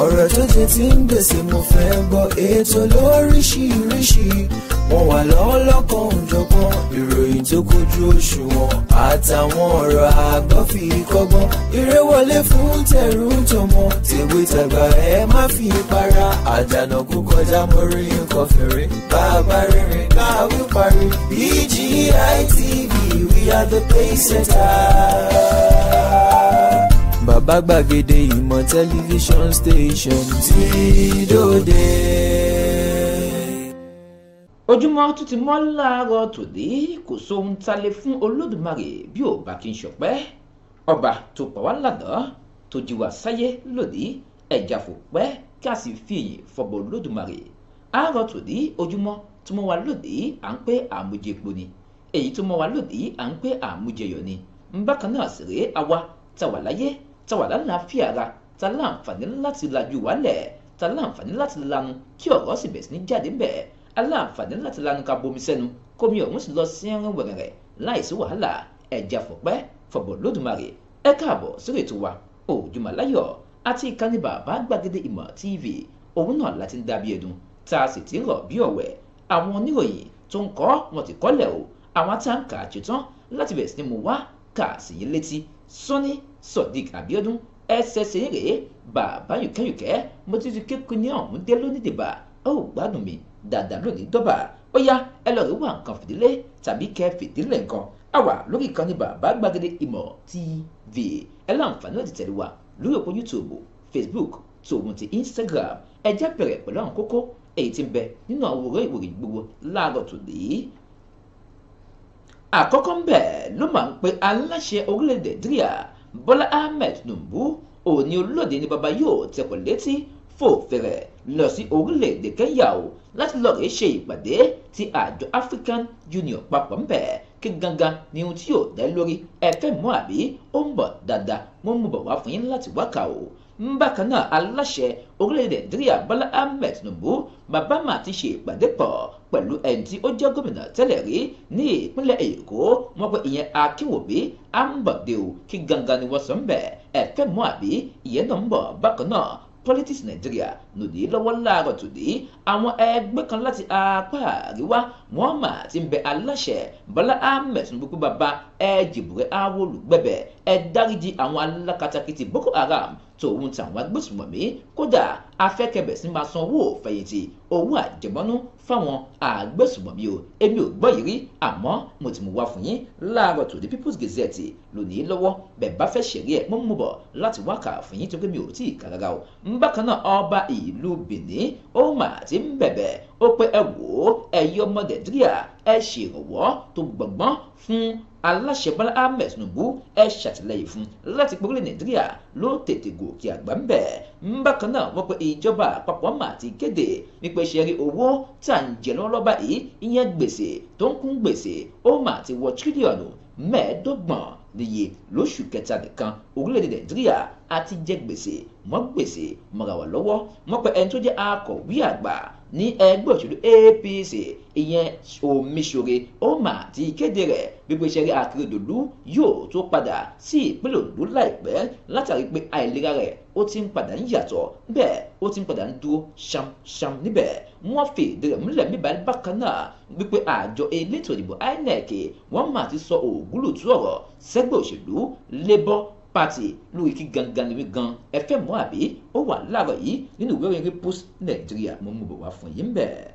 ọ̀rọ̀ tó jẹ ti ń gbèsè mo fẹ́ gbọ́ ètò lóríṣiríṣi wọ́n wà lọ́wọ́ lọ́kàn òjọ̀kan ìròyìn tó kojú òṣùwọ̀n àtàwọn ọ̀rọ̀ àgbọ́ fi kọ́gbọ́n eré wọlé fún tẹ̀rù tọmọ tèwe tàgbà ẹ má fi para àdànà kú kọjá mọ́rí nǹkan fèrè bàbá rìnrìn káwí parí BGI we are the pace setters bàbá gbàgede ìmọ̀ tẹlifíṣọ̀n station ti dòde. ojúmọ́ tún ti mọ́ láàárọ̀ tòní kò sóhun ta lè fún olódùmarè bí ò bá kí n ṣọpẹ́ ọba tó pa wá lánàá tó jí wá sáyé lónìí ẹ̀jà fò pẹ́ kí a sì fi ìyìn fọbọ olódùmarè àárọ̀ tòní ojúmọ́ tó mọ́ wa lónìí à ń pé àmújẹ epo ni èyí tó mọ́ wa lónìí à ń pé àmújẹyọ̀ ni bákan náà sì rèé àwa tá wà láyé tàwa lálàáfíà ara ta láǹfààní láti lajú wálẹ̀ ta láǹfààní láti lanu kí ọ̀rọ̀ sì bẹ̀sí ní jáde ńbẹ̀ aláǹfààní láti lanu ka bomi sẹ́nu kómi ọ̀hún sì lọ sí ẹran wẹ̀rẹ̀rẹ̀ láìsí wàhálà ẹ̀jẹ̀ fọ̀pẹ́ fọ̀bọ̀ lódùmarè ẹ káàbọ̀ sórí ètò wa òjùmọ̀ láyọ̀ àti ìkànnì bàbá gbàgede ìmọ̀ tv òun náà láti ń dàbí ẹdun tá a sì ti rọ̀ bí ọ̀wẹ̀ àwọn oníròyìn tó ń kọ́ wọn ti kọ́lẹ̀ o àwọn táǹkà àtúntàn láti bẹ̀rẹ̀ sí ni mo wá kà sí yín létí sọ́ni sodiq abiodun ẹsẹsẹ yín rèé bàbá yùkẹ́yùkẹ́ mo ti ti kékun ní ọ̀hún dé lónìí dìbà ó gbádùn mi dàdà lónìí dọ́bà ó yá ẹ lọ rí wà nǹkan fìdílé tàbí kẹ́ fìdílé nǹkan á wà lórí ìkànnì bàbá gbàgede ìmọ̀ tv ẹ láǹfààní láti tẹ̀lé wa lórí òpó youtube facebook tòun ti instagram ẹ jẹ́ bẹ̀rẹ̀ pẹ̀lú àwọn kókó èyí tí ń bẹ nínú àwòrán ìròyìn gbogbo láàárọ̀ tòní àkọ́kọ́ ń bẹ ló máa ń pe aláṣẹ orílẹ̀-èdè nàìjíríà Bọ́lá Ahmed Tinubu òní olóde ní baba yóò tẹkọ̀ létí fòfẹ̀rẹ̀ lọ sí orílẹ̀-èdè Kenya o láti lọ rèé ṣe ìpàdé ti àjọ African Union papọ̀ ń bẹ̀ kí gangan ni ohun tí yóò dá lórí ẹ fẹ́ mọ̀ àbí ó ń bọ̀ dáadáa wọ́n mú bọ̀ wá fún yín láti wákà o ń bákan náà aláṣẹ orílẹ̀-èdè nàìjíríà bọ́lá ahmed tinubu bàbá mà ti ṣe ìpàdé pọ̀ pẹ̀lú ẹni tí ó jẹ́ gómìnà tẹ́lẹ̀ rí ní ìpínlẹ̀ èkó wọ́n pe ìyẹn akínwòbí ambọ̀déo kí gangan ni wọ́n sọ ń bẹ̀ ẹ̀fẹ́ mọ́ àbí ìyẹn náà ń bọ̀ bákan náà politics Nigeria lòdì lọ́wọ́ láàárọ̀ tòdì àwọn ẹgbẹ́ kan láti apá àríwá wọ́n mà ti ń bẹ aláṣẹ Bọ́lá Ahmed Tinubu bàbá ẹ jìbùrẹ́ awolùgbẹ̀bẹ̀ ẹ dáríji àwọn alákatakítí Boko Haram tòun tàwọn agbésùnmọ̀mí kódà afẹ́kẹ̀bẹ̀ sí máa san owó òfẹ̀yìntì owó àjẹmọ́nú fáwọn agbésùnmọ̀mí o èmi ò gbọ́ yìí rí àmọ́ mo ti mú wá fún yín láàárọ̀ tòde people's gazette lónìí lọ́wọ́ bẹ́ẹ̀ bá fẹ́ ṣẹ̀rí ẹ̀ mọ́ mú bọ̀ láti wákà fún yín tó pé mi ò tí ì kàràrà o bákan náà ọba ìlú Benin ó mà ti ń bẹ̀bẹ̀ ó pé ẹ wò ó ẹ̀yin ọmọ nàìjíríà ẹ ṣèrànwọ́ tó gbọ̀ngbọ́n fún aláṣẹ bọ́lá ahmed tinubu ẹ ṣàtìlẹ́yìn fún láti pé orílẹ̀ nàìjíríà ló tètè gòkè àgbà ń bẹ̀ bákan náà wọ́n pe ìjọba àpapọ̀ mà ti kéde wípé ṣe rí owó tà ń jẹ lọ́wọ́ lọ́ba ìyẹn gbèsè tó ń kún gbèsè ó mà ti wọ tírílíọ̀nù mẹ́ẹ̀ẹ́dọ́gbọ̀n níye lóṣù kẹta nìkan orílẹ̀-èdè nàìjíríà a ti jẹ gbèsè mọ́ gbèsè mọ́ra wà lọ́wọ́ mọ́pẹ́ ẹni tó jẹ́ akọ̀wé àgbà ní ẹgbẹ́ òṣèlú APC ìyẹn Omiṣore ó mà ti kéde rẹ̀ gbogbo iṣẹ́ rí Akérédolú yóò tó padà sí ìpínlẹ̀ Ondo láìpẹ́ látàrí pé àìlera rẹ̀ ó ti ń padà ń yàtọ̀ bẹ́ẹ̀ ó ti ń padà ń dúró ṣamṣam níbẹ̀ wọ́n fi ìdí rẹ̀ múlẹ̀ bíbá bákan náà wípé àjọ elétò ìdìbò INEC wọ́n mà ti sọ ògúlùtú ọ̀rọ̀ sẹ́gbẹ́ òṣèlú Labour pati lóríkì gangan níbi gan ẹ fẹ́ mọ̀ àbí ó wà láàárọ̀ yìí nínú ìwé ìròyìn post nàìjíríà mo mú bọ̀ wá fún yín bẹ́ẹ̀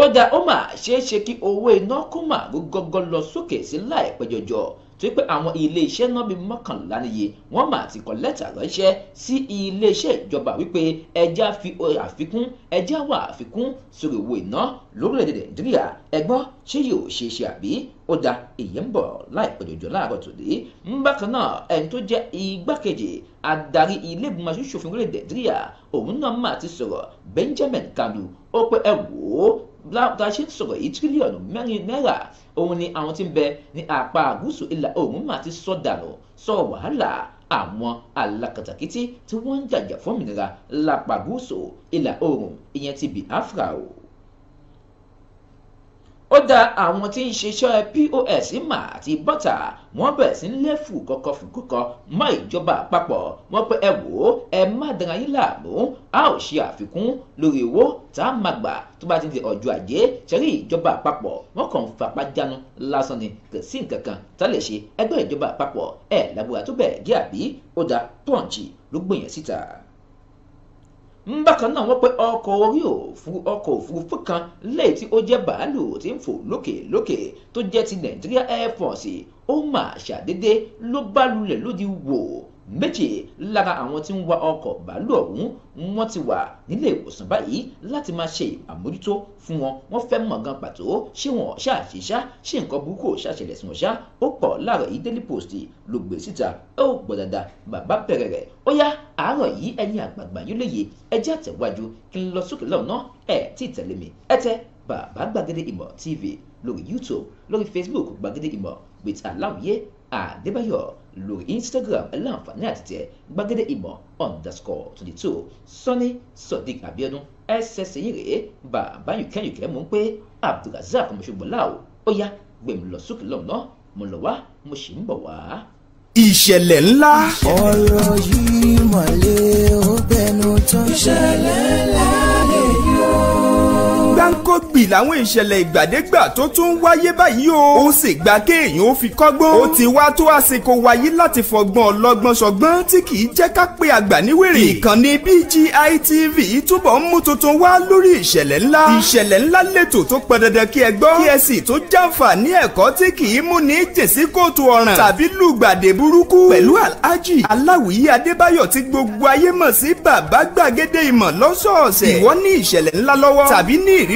ó dá ó mà ṣeé ṣe kí owó iná kó mà rú gọ́gọ́ lọ sókè sí láìpẹ́ jọjọ tó pé àwọn iléeṣẹ́ náà bíi mọ́kànlá níye wọ́n mà ti kọ lẹ́tà ránṣẹ́ sí iléeṣẹ́ ìjọba wípé ẹja fi àfikún ẹja wà àfikún sórí owó iná lórílẹ̀‐èdè nàìjíríà ẹgbọ́n ṣé yóò ṣe ṣe àbí ó da èyí ń bọ̀ láìpẹ́ jọjọ láàárọ̀ tòde ń bákan náà ẹni tó jẹ́ igbákejì adarí ilé ìgbìmọ̀ aṣòfin orílẹ̀-èdè nàìjíríà òun náà mà ti sọ̀rọ̀ Benjamin Kalu ó pé ẹ wò ó bá ṣe ń sọ̀rọ̀ yìí tírílíọ̀nù mẹ́rin náírà òun ni àwọn tí ń bẹ ní apá gúúsù ìlà oòrùn mà ti sọ dànù sọ wàhálà àwọn alákatakítí tí wọ́n ń jàjà fún òmìnira lápá gúúsù ìlà oòrùn ìyẹn ti Biafra o ó dá àwọn tí ń ṣiṣẹ́ pos mà àti bọ́tà wọ́n bẹ̀rẹ̀ sí ń lé fùkọ́kọ́ fùkọ́kọ́ mọ́ ìjọba àpapọ̀ wọ́n pé ẹ wò ó ẹ má dara yín láàmú a ò ṣe àfikún lórí owó tá a máa gbà tó bá ti di ọjọ́ ajé ṣẹ́rí ìjọba àpapọ̀ wọ́n kàn ń fapá jánu lásán ni kò sí nǹkan kan tá lè ṣe ẹgbẹ́ ìjọba àpapọ̀ ẹ̀ lábúra tó bẹ̀ ó dá pọ́ǹchì ló gbìyànjú síta bákan náà wọ́n pe ọkọ̀ orí òfurufú ọkọ̀ òfurufú kan lẹ́yìn tí ó jẹ́ bàálù tí ń fò lókè lókè tó jẹ́ ti Nigeria Air Force ó mà ṣàdédé ló bá lulẹ̀ lódì wò méjì lára àwọn tí ń wa ọkọ̀ bàálù ọ̀hún wọ́n ti wà nílé ìwòsàn báyìí láti máa ṣe àmójútó fún wọn wọ́n fẹ́ mọ̀ gan pàtó ṣé wọn ṣá àṣìṣá ṣé nǹkan burúkú ṣàṣẹlẹ̀ sí wọn ṣá ó pọ̀ láàrọ̀ yìí Daily Post ló gbé e síta ó gbọ́ dada bàbá bẹ̀rẹ̀ rẹ̀ ó yá àárọ̀ yìí ẹ̀yin àgbààgbà yóò lè yé ẹjẹ́ àtẹ̀wájú kí n lọ sókè lọ́nà ẹ̀ tí ì tẹ̀lé mi ẹ tẹ bàbá gbàgede ìmọ̀ TV lórí YouTube lórí Facebook gbàgede ìmọ̀ with aláwìyé Adébáyọ̀ lórí instagram ẹ láǹfààní àti tẹ gbàgede ìmọ̀ underscore twenty two Sunny sodiq abiodun ẹsẹsẹ yìí rèé bàbá yùkẹ́yùkẹ́ mú pé abdulrasaq mọ̀ṣọ́gbọ̀láwò ó yá gbèmí lọ sókè lọ́nà mo lọ wá mo sì ń bọ̀ wá ìṣẹ̀lẹ̀ ńlá. ọ̀rọ̀ yìí mọ̀lẹ́ ó bẹnu tán. ìṣẹ̀lẹ̀ ńlá kánkógbì làwọn ìṣẹ̀lẹ̀ ìgbàdégbà tó tún ń wáyé báyìí o ó sì gba kéèyàn ó fi kọ́gbọ́n ó ti wá tó àsìkò wáyé láti fọgbọ́n ọlọ́gbọ́n ṣọgbọ́n tí kì í jẹ́ ká pé àgbà níwèrè ìkànnì BGI TV túbọ̀ ń mú tuntun wá lórí ìṣẹ̀lẹ̀ ńlá ìṣẹ̀lẹ̀ ńlá lẹ́tò tó pọn dandan kí ẹ gbọ́ kí ẹ sì tó jàǹfà ní ẹ̀kọ́ tí kì í mú ní jèsí kóòtù ọ̀ràn tàbí lùgbàdé burúkú pẹ̀lú alhaji aláwìyí adébáyọ̀ tí gbogbo ayé mọ̀ sí bàbá gbàgede ìmọ̀ lọ́sọ̀ọ̀sẹ̀ ìwọ ní ìṣẹ̀lẹ̀ ńlá lọ́wọ́ tàbí ní ìrí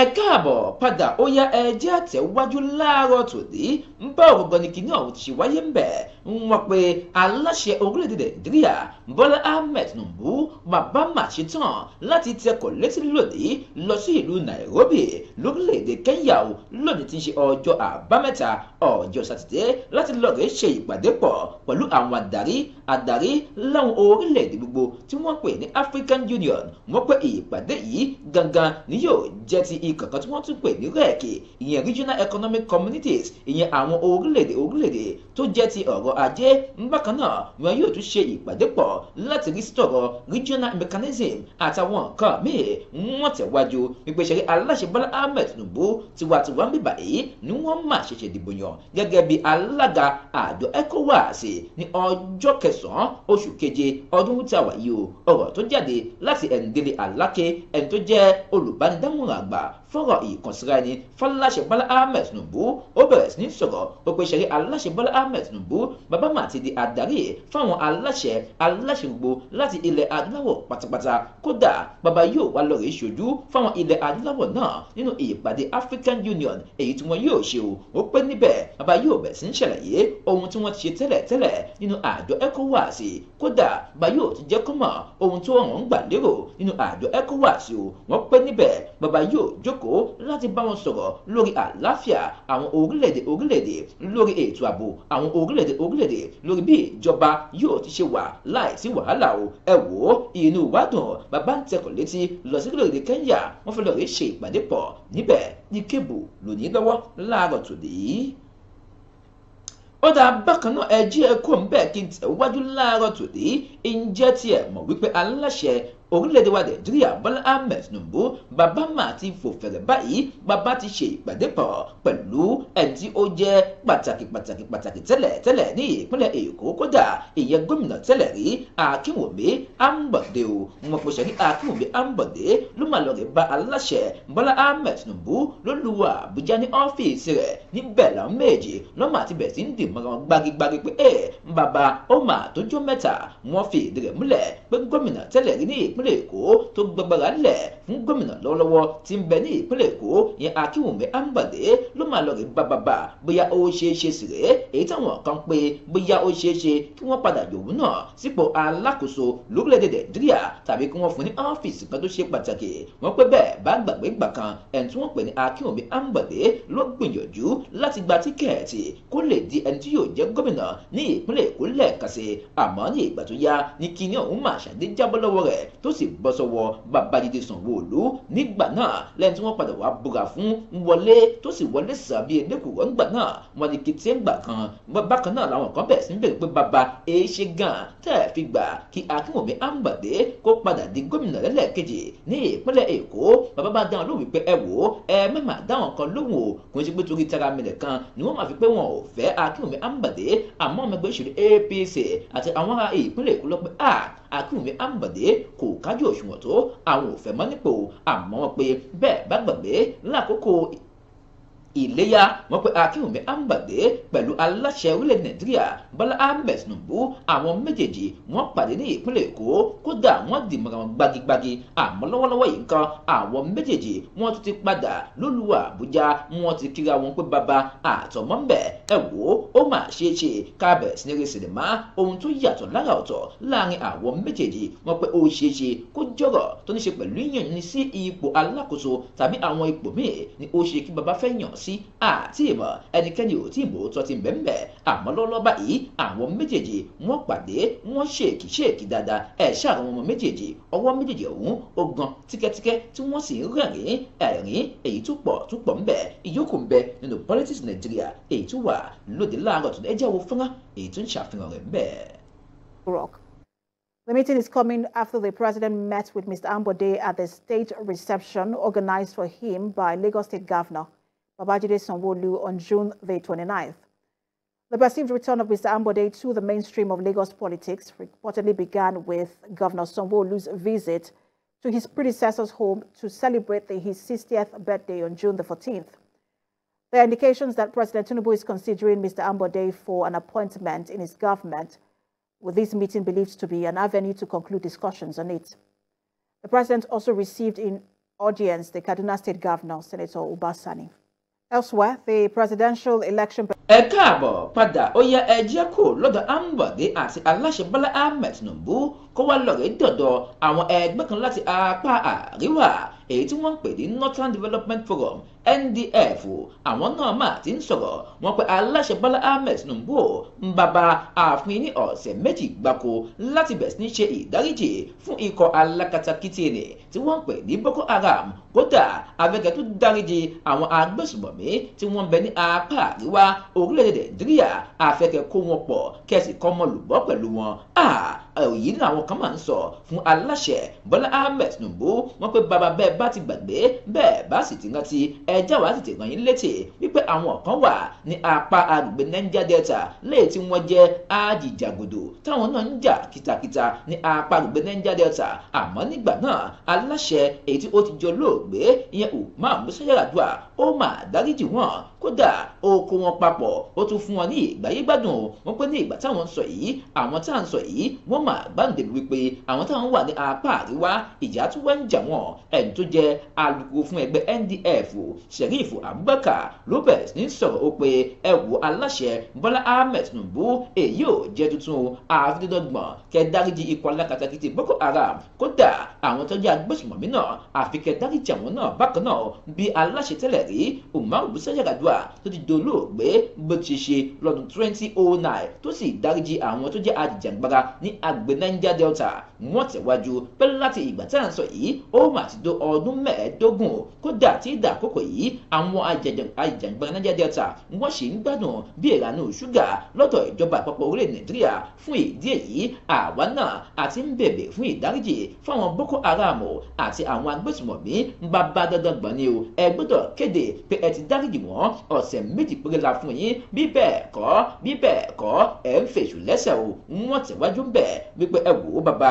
ẹ káàbọ̀ padà ó yá ẹ jẹ́ àtẹ̀wájú láàárọ̀ tòní ń bá ògùngàn ní kíní ọ̀hún ti wáyé ń bẹ̀ wọ́n pe aláṣẹ orílẹ̀-èdè nàìjíríà bọ́lá ahmed tinubu bàbá mà láti tẹkọ̀ létí lónìí lọ sí ìlú nairobi lórílẹ̀-èdè kenya o lónìí ti ń ṣe ọjọ́ àbámẹ́ta ọjọ́ sátidé láti lọ rèé ṣe ìpàdé pọ̀ pẹ̀lú àwọn adarí adarí láwọn orílẹ̀-èdè gbogbo tí wọ́n pè ní african union wọ́n pé ìpàdé yìí gangan ni yóò jẹ́ ikọ̀ kan tí wọ́n tún pè ní rec ìyẹn regional economic communities ìyẹn àwọn orílẹ̀-èdè orílẹ̀-èdè tó jẹ́ ti ọ̀rọ̀ ajé bákan náà wọn yóò tún ṣe ìpàdé pọ̀ láti rí sítọ̀rọ̀ regional mechanism àtàwọn nǹkan míì wọ́n tẹ̀wájú wípé ṣẹ̀rí aláṣẹ Bọ́lá Ahmed Tinubu tiwantiwa ń bíbà yìí ni wọ́n máa ṣẹ̀ṣẹ̀ dìbò yàn gẹ́gẹ́ bí alága àjọ ECOWAS ní ọjọ́ kẹsàn-án oṣù keje ọdún tí a wà yìí o ọ̀rọ̀ tó jáde láti Endele Aláké ẹni tó jẹ́ olùbánidámọ̀ràn àgbà fọ̀rọ̀ ìkànsíra ẹni fọláṣẹ bọ́lá ahmed tinubu ó bẹ̀rẹ̀ sí ní sọ̀rọ̀ ó pe ṣẹ̀rí aláṣẹ bọ́lá ahmed tinubu bàbá mà ti di àdarí fáwọn aláṣẹ aláṣẹ gbogbo láti ilẹ̀ adúláwọ̀ pátápátá kódà bàbá yóò wá lọ rèé ṣojú fáwọn ilẹ̀ adúláwọ̀ náà nínú ìpàdé african union èyí tí wọn yóò ṣe o ó pé níbẹ̀ bàbá yóò bẹ̀ sí ń ṣàlàyé ohun tí wọ́n ti ṣe tẹ́lẹ̀tẹ́lẹ̀ nínú àjọ ecowas kódà bàbá yóò ti jẹ́ kọ́mọ̀ ohun tí wọ́n ń gbà lérò nínú àjọ ecowas o wọ́n pé níbẹ̀ bàbá yóò jók Èkó láti bá wọn sọ̀rọ̀ lórí àlàáfíà àwọn orílẹ̀-èdè orílẹ̀-èdè lórí ètò ààbò àwọn orílẹ̀-èdè orílẹ̀-èdè lórí bí ìjọba yóò ti ṣe wà láìsí wàhálà o ẹ wò ó inú wa dùn bàbá ń tẹkọ̀ létí lọ sí lórílẹ̀-èdè Kẹ́ńyà wọ́n fẹ́ lọ rí ṣe ìpàdé pọ̀ níbẹ̀ ní kébù lónìí lọ́wọ́ láàárọ̀ tòní ó dáa bákan náà ẹ jí ń bẹ́ẹ̀ kí n tẹ̀wájú láàárọ̀ tòní ǹjẹ́ tiẹ̀ mọ̀ wípé aláṣẹ orílẹ̀-èdè wa nàìjíríà bọ́lá ahmed tinubu bàbá mà ti fò fẹ̀rẹ̀ báyìí bàbá ti ṣe ìpàdé pọ̀ pẹ̀lú ẹni tí ó jẹ́ pàtàkì pàtàkì pàtàkì tẹ́lẹ̀ tẹ́lẹ̀ ní ìpínlẹ̀ èkó kódà ìyẹn gómìnà tẹ́lẹ̀ rí akínwùmí ambọ̀dé o wọn pèsè ní akínwùmí ambọ̀dé ló mà lọ rè ba aláṣẹ bọ́lá ahmed tinubu ló lu àbújá ní ọ́fíìsì rẹ̀ níbẹ̀ làwọn méjì lọ́mọ àti bẹ̀ sí ń dì mọ́ra gbagigbagi pé ẹ̀ bàbá ó mà tó jó mẹ́ta ìpínlẹ̀ èkó tó gbàgbára lẹ̀ fún gómìnà lọ́wọ́lọ́wọ́ tí ń bẹ ní ìpínlẹ̀ èkó yẹn akínwùmí àǹbàdé ló máa lọ rí bàbàbà bóyá ó ṣeé ṣe sì rèé èyí táwọn kan pé bóyá ó ṣeé ṣe kí wọ́n padà yòówù náà sípò alákòóso lórílẹ̀‐èdè nàìjíríà tàbí kí wọ́n fún ní ọ́fíìsì kan tó ṣe pàtàkì wọ́n pé bẹ́ẹ̀ bá gbàgbé gbà kan ẹni tí wọ́n pè ní akínwùmí àǹbàdé ló gbìyànjú tó sì bọ́ sọ́wọ́ babájídé sanwó-olú nígbà náà lẹ́yìn tí wọ́n padà wá búra fún wọlé tó sì wọlé sàbí elékùrọ́ ńgbà náà wọn ni kìtì ńgbà kan bákan náà làwọn kan bẹ̀rẹ̀ sí bèrè pé bàbá èéṣe gan tẹ́ ẹ̀ fi gbà kí akínwùmí àǹgbàdé kó padà di gómìnà lẹ́lẹ́kejì ní ìpínlẹ̀ èkó bàbá bá dáhùn lóhùn wípé ẹ wò ó ẹ mẹ́mà dáhùn kan lóhùn o kò ń ṣe pé torí tara mi nìkan ni wọ́n máa fi pé wọn ò fẹ́ akínwùmí àǹgbàdé àmọ́ ọmọ ẹgbẹ́ ìṣèlú apc àti àwọn ará ìpínlẹ̀ èkó lọ pé akínwùmí àǹgbàdé kò kájú òṣùwọ̀n tó àwọn ò fẹ́ mọ́ nípò àmọ́ wọn pé bẹ́ẹ̀ bá gbàgbé lákòókò ìléyà wọ́n pe akínwùmí ambade pẹ̀lú aláṣẹ orílẹ̀ nàìjíríà bọ́lá ahmed tinubu àwọn méjèèjì wọ́n pàdé ní ìpínlẹ̀ èkó kódà wọ́n dì mọ́ra wọn gbagigbagi àmọ́ lọ́wọ́lọ́wọ́ yìí kan àwọn méjèèjì wọ́n tún ti padà lólùwà àbújá wọ́n ti kíra wọn pé bàbá àtọmọ́ ń bẹ̀ ẹ wò ó ó mà ṣe é ṣe kábẹ̀ sinere sinimá ohun tó yàtọ̀ lára ọ̀tọ̀ láàrin àwọn méjèèjì wọ́n pe ó ṣe é ṣe kó jọ̀rọ̀ tó ní ṣe pẹ̀lú yìnyín sí ipò alákòóso tàbí àwọn ipò míì ni ó ṣe kí bàbá fẹ́ yàn sí àti ìmọ̀ ẹnikẹ́ni ò tí ì mòótọ́ ti bẹ̀m̀bẹ̀ àmọ́ lọ́lọ́ báyìí àwọn méjèèjì wọ́n pàdé wọ́n ṣèkì ṣèkì dáadáa ẹ̀ṣẹ́ àwọn ọmọ méjèèjì ọwọ́ méjèèjì ọ̀hún ó gan tíkẹ́tíkẹ́ tí wọ́n sì ń rẹ̀rín ẹ̀rín èyí tó pọ̀ tó pọ̀ ńbẹ̀ ìyókù ńbẹ nínú politics Nàìjíríà èyí tó wà lóde láàárọ̀ tó ẹjẹ́ wo fúnrán èyí tó ń ṣàfihàn rẹ̀ ńbẹ̀. The meeting is coming after the president met with Mr. Ambode at the state reception organized for him by Lagos State Governor Babajide Sanwo-Olu on June the 29th. The perceived return of Mr. Ambode to the mainstream of Lagos politics reportedly began with Governor Sanwo-Olu's visit to his predecessor's home to celebrate the, his 60th birthday on June the 14th. There are indications that President Tinubu is considering Mr. Ambode for an appointment in his government, with this meeting believed to be an avenue to conclude discussions on it. The president also received in audience the Kaduna State Governor, Senator Ubasani. Elsewhere, the presidential election. ẹ padà ẹ kó wá lọ rèé dọ̀dọ̀ àwọn ẹgbẹ́ kan láti apá àríwá èyí tí wọ́n ń pè ní Northern Development Forum NDF àwọn náà mà ti ń sọ̀rọ̀ wọ́n pé aláṣẹ Bọ́lá Ahmed Tinubu ń bàbá ààfin ní ọ̀sẹ̀ méjì gbáko láti bẹ̀rẹ̀ sí ní ṣe ìdáríjì fún ikọ̀ alákatakítí ni tí wọ́n ń pè ní Boko Haram kódà abẹ́gẹ́ tó dáríjì àwọn agbésùmọ̀mí tí wọ́n ń bẹ ní apá àríwá orílẹ̀-èdè Nàìjíríà àfẹ́kẹ́ kó wọn pọ̀ kẹ́sì kọ́mọlùbọ́ pẹ̀lú wọn èyí làwọn kan máa ń sọ fún aláṣẹ Bọ́lá Ahmed Tinubu wọ́n pé bàbá bẹ́ẹ̀ bá ti gbàgbé bẹ́ẹ̀ bá sì ti rántí ẹjẹ́ wàá sì ti ràn yín létí wípé àwọn kan wà ní apá agbègbè Niger Delta léè tí wọ́n jẹ́ ajìjàgòdò táwọn náà ń jà kìtàkìtà ní apá agbègbè Niger Delta àmọ́ nígbà náà aláṣẹ èyí tí ó ti jọ lóògbé ìyẹn Umar Musa Yar'Adua ó máa dáríjì wọ́n kódà ó kó wọn papọ̀ ó tún fún wọn ní ìgbáyégbádùn wọn pé ní ìgbà táwọn ń sọ yìí àwọn tá à ń sọ yìí wọ́n mà gbàǹdè wípé àwọn táwọn wà ní apá àríwá ìjà tó wá ń jà wọn ẹni tó jẹ́ alukoro fún ẹgbẹ́ NDF Sheriff Abubakar Lopez ní sọ̀rọ̀ ó pé ẹ wo aláṣẹ Bọ́lá Ahmed Tinubu èyí ò jẹ́ tuntun àfidọ́gbọ̀n kẹ dáríji ikọ̀ alákatakí Boko Haram kódà àwọn tó jẹ́ agbésùmọ̀mí náà àfikẹ́ dáríji àwọn náà bákan náà bí aláṣẹ tẹ́lẹ̀ rí Umaru Musa Silva tó ti dolóògbé bó ti ṣe lọ́dún 2009 tó sì dáríjì àwọn tó jẹ́ ajìjàgbara ní agbè Niger Delta wọ́n tẹ̀wájú pẹ̀lú láti ìgbà tá à ń sọ yìí ó mà ti tó ọdún mẹ́ẹ̀ẹ́dógún kódà tí ìdàkókò yìí àwọn ajìjàgbara Niger Delta wọ́n sì ń gbádùn bí ìranù ṣúgà lọ́dọ̀ ìjọba àpapọ̀ orílẹ̀ Nàìjíríà fún ìdí èyí àwa náà àti ń bèbè fún ìdáríjì fáwọn Boko Haram àti àwọn agbésùmọ̀mí ń bá bá dandan gbọ̀n ni o ẹ gbọ́dọ̀ kéde pé ẹ ti dáríjì wọ́n ọ̀sẹ̀ méjì péré la fún yín bí bẹ́ẹ̀ kọ́ bí bẹ́ẹ̀ kọ́ ẹ̀ ń fèsù lẹ́sẹ̀ o wọ́n tẹ̀wájú bẹ́ẹ̀ wípé ẹ wò ó bàbá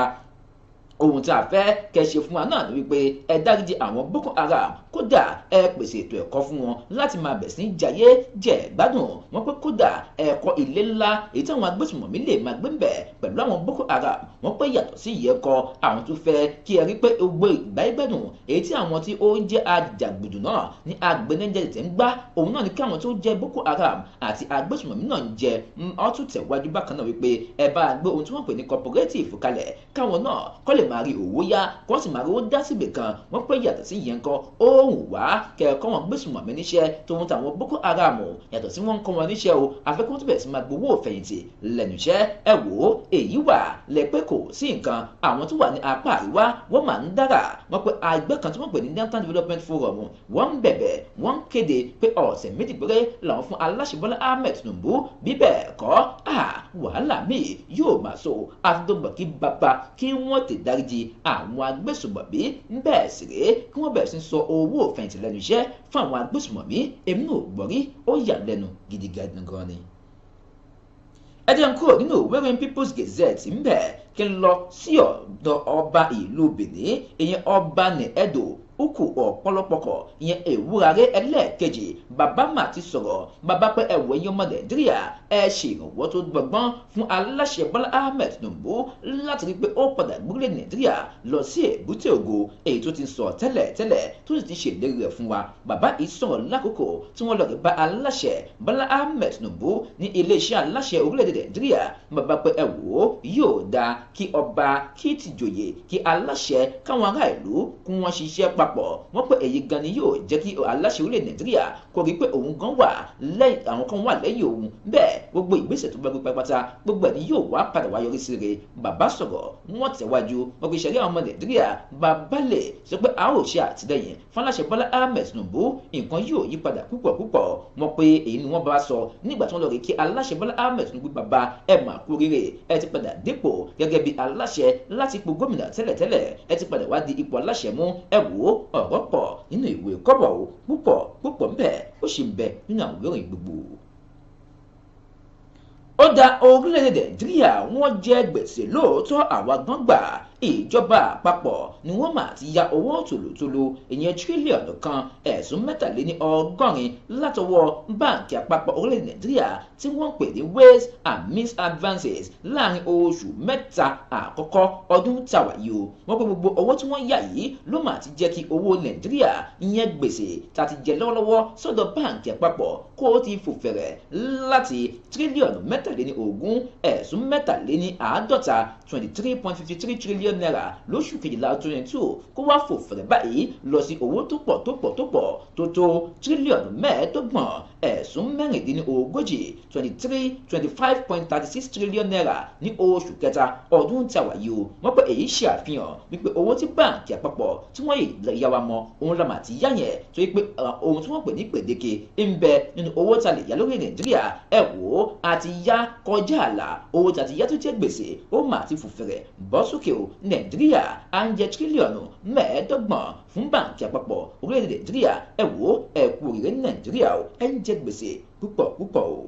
ohun tí a fẹ́ kẹ́ ṣe fún wa náà ni wípé ẹ dáríjì àwọn Boko Haram kódà ẹ pèsè ètò ẹ̀kọ́ fún wọn láti máa bẹ̀ sí jayé jẹ gbádùn wọn pé kódà ẹ̀kọ́ ilé ńlá èyí tí àwọn agbésùmọ̀mí lè máa gbé ń bẹ̀ pẹ̀lú àwọn Boko Haram wọn pé yàtọ̀ sí ìyẹn kọ àwọn tó fẹ́ kí ẹ rí pé gbogbo ìgbà ìgbẹ́dùn èyí tí àwọn tí ó ń jẹ́ ajàgbùdù náà ní agbẹnẹjẹ tẹ̀ ń gbá òun náà ni kí àwọn tó jẹ́ Boko Haram àti agbésùmọ̀mí náà ń jẹ ọtún tẹ̀wájú bákan náà wípé ẹ bá gbé ohun tí wọ́n pè ní cooperative kalẹ̀ káwọn náà kọ́ máa rí owó yá kí wọ́n sì máa rówó dá síbì kan wọ́n pé yàtọ̀ sí yẹn kọ́ òun wá kẹ́ẹ̀kọ́ wọn gbésùmọ̀mí níṣẹ́ tòun tàwọn boko haram yàtọ̀ sí wọ́n ń kọ́ wọn níṣẹ́ o afẹ́kọ́ tó bẹ̀rẹ̀ sí máa gbowó òfẹ̀yìntì lẹ́nu iṣẹ́ ẹ wò ó èyí wà lẹ́pẹ́ kò sí nǹkan àwọn tó wà ní apá àríwá wọ́n máa ń dára wọ́n pé àgbẹ̀ kan tí wọ́n pè ní downtown development forum wọ́n ń bẹ̀bẹ̀ wọ́n ń kéde pé ọ̀sẹ̀ méjì péré làwọn fún aláṣẹ Ahmed Tinubu bíbẹ̀ kọ́ wàhálà míì yóò máa so àfidọ́gbọ̀n kí bàbá kí wọ́n ti dar dáríji àwọn agbésùmọ̀mí bẹ́ẹ̀ sì rèé kí wọ́n bẹ̀rẹ̀ sí sọ owó òfẹ̀yìntì lẹ́nu iṣẹ́ fún àwọn agbésùmọ̀mí èmi ò gbọ́rí ó yà lẹ́nu gidigidi gan ni ẹ jẹ́ n kúrò nínú ìwéèrè people's gazette ńbẹ̀ kí n lọ sí ọ̀dọ̀ ọba ìlú benin ìyẹn ọba ní edo ukwu ọ̀pọ̀lọpọ̀kọ̀ ìyẹn èwúraré ẹlẹ́ẹ̀kejì bàbá mà ti sọ̀rọ̀ bàbá pé ẹ̀wọ̀ ẹ̀yin ọmọ nàìjíríà ẹ ṣe ìrànwọ́ tó gbọgbọ́n fún aláṣẹ bọ́lá ahmed tinubu láti rí pé ó padà gbúlé nàìjíríà lọ sí èbúté ògo èyí tó ti sọ tẹ́lẹ̀ tẹ́lẹ̀ tó sì ti ṣèlérí rẹ̀ fún wa bàbá yìí lákòókò tí wọ́n lọ rí bá aláṣẹ bọ́lá ahmed tinubu ní iléeṣẹ́ aláṣẹ orílẹ̀-èdè nàìjíríà bàbá pé ẹ wò ó yóò dáa kí ọba kí tìjòyè kí aláṣẹ káwọn ará ìlú lápapọ̀ wọ́n pé èyí gan ni yóò jẹ́ kí aláṣẹ orílẹ̀ nàìjíríà kó rí pé òun gan wà lẹ́yìn àwọn kan wà lẹ́yìn òun bẹ́ẹ̀ gbogbo ìgbésẹ̀ tó bá gbé pátá gbogbo ẹni yóò wá padà wá yọrí sí rẹ̀ bàbá sọ̀rọ̀ wọ́n tẹ̀wájú gbogbo ìṣẹ̀lẹ̀ àwọn ọmọ nàìjíríà babalẹ̀ sọ pé a ó ṣe àtìlẹ́yìn fọláṣẹ bọ́lá ahmed tinubu nǹkan yóò yí padà púpọ̀ púpọ̀ wọ́n pé èyí ni wọ́n bá sọ nígbà tí wọ́n lọ rí kí aláṣẹ bọ́lá ahmed tinubu bàbá ẹ mà kú rírè ẹ ti padà dépò gẹ́gẹ́ bí aláṣẹ láti ipò gómìnà tẹ́lẹ̀tẹ́lẹ̀ ẹ ti padà wá di ipò aláṣẹ mú ẹ wò ọ̀rọ̀ pọ̀ nínú ìwé kọ́bọ̀ púpọ̀ púpọ̀ ń ó sì bẹ nínú àwòrán gbogbo ó da orílẹ̀-èdè nàìjíríà wọ́n jẹ gbèsè lóòótọ́ àwa gan ìjọba àpapọ̀ ni wọ́n mà ti ya owó tòlótòló ìyẹn tírílíọ̀nù kan ẹ̀sùn mẹ́tàléní ọgọ́rin látọwọ́ báǹkì àpapọ̀ orílẹ̀ nàìjíríà tí wọ́n pè ní ways and means advances láàrin oṣù mẹ́ta àkọ́kọ́ ọdún tàwa yìí o wọ́n pé gbogbo owó tí wọ́n yà yìí ló mà ti jẹ́ kí owó nàìjíríà ìyẹn gbèsè tá ti jẹ lọ́wọ́lọ́wọ́ sọ́dọ̀ báǹkì àpapọ̀ kó o ti fò fẹ̀rẹ̀ láti tírílíọ̀nù mẹ́tàléní ogún ẹ̀sùn mẹ́tàléní àádọ́ta twenty three point fifty three trillion mílíọ̀nù náírà lóṣù kejìlá twenty two kó wá fòfèrè báyìí lọ sí owó tó pọ̀ tó pọ̀ tó pọ̀ tó tó tírílíọ̀nù mẹ́ẹ̀ẹ́dọ́gbọ̀n ẹ̀sùn mẹ́rìndínlógójì twenty three twenty five point thirty six trillion naira ní oṣù kẹta ọdún tí a wà yìí o wọ́n pé èyí ṣe àfihàn wípé owó tí báǹkì àpapọ̀ tí wọ́n yà wá mọ́ òun la mà ti yá yẹn tó yẹ pé ohun tí wọ́n pè ní gbèdéke ń bẹ nínú owó tá a lè yá lórí nàìjíríà ẹ wò ó àti yá kọjá àlà owó tá a ti yá tó jẹ́ gbèsè ó mà ti fòfẹ̀rẹ̀ bọ́ sókè o nàìjíríà á ń jẹ tírílíọ̀nù mẹ́ẹ̀ẹ́dọ́gbọ̀n fún báǹkì àpapọ̀ orílẹ̀-èdè nàìjíríà ẹ wò ó ẹ̀kú òrìrì nàìjíríà ó ẹ ń j jẹ gbèsè púpọ̀ púpọ̀ o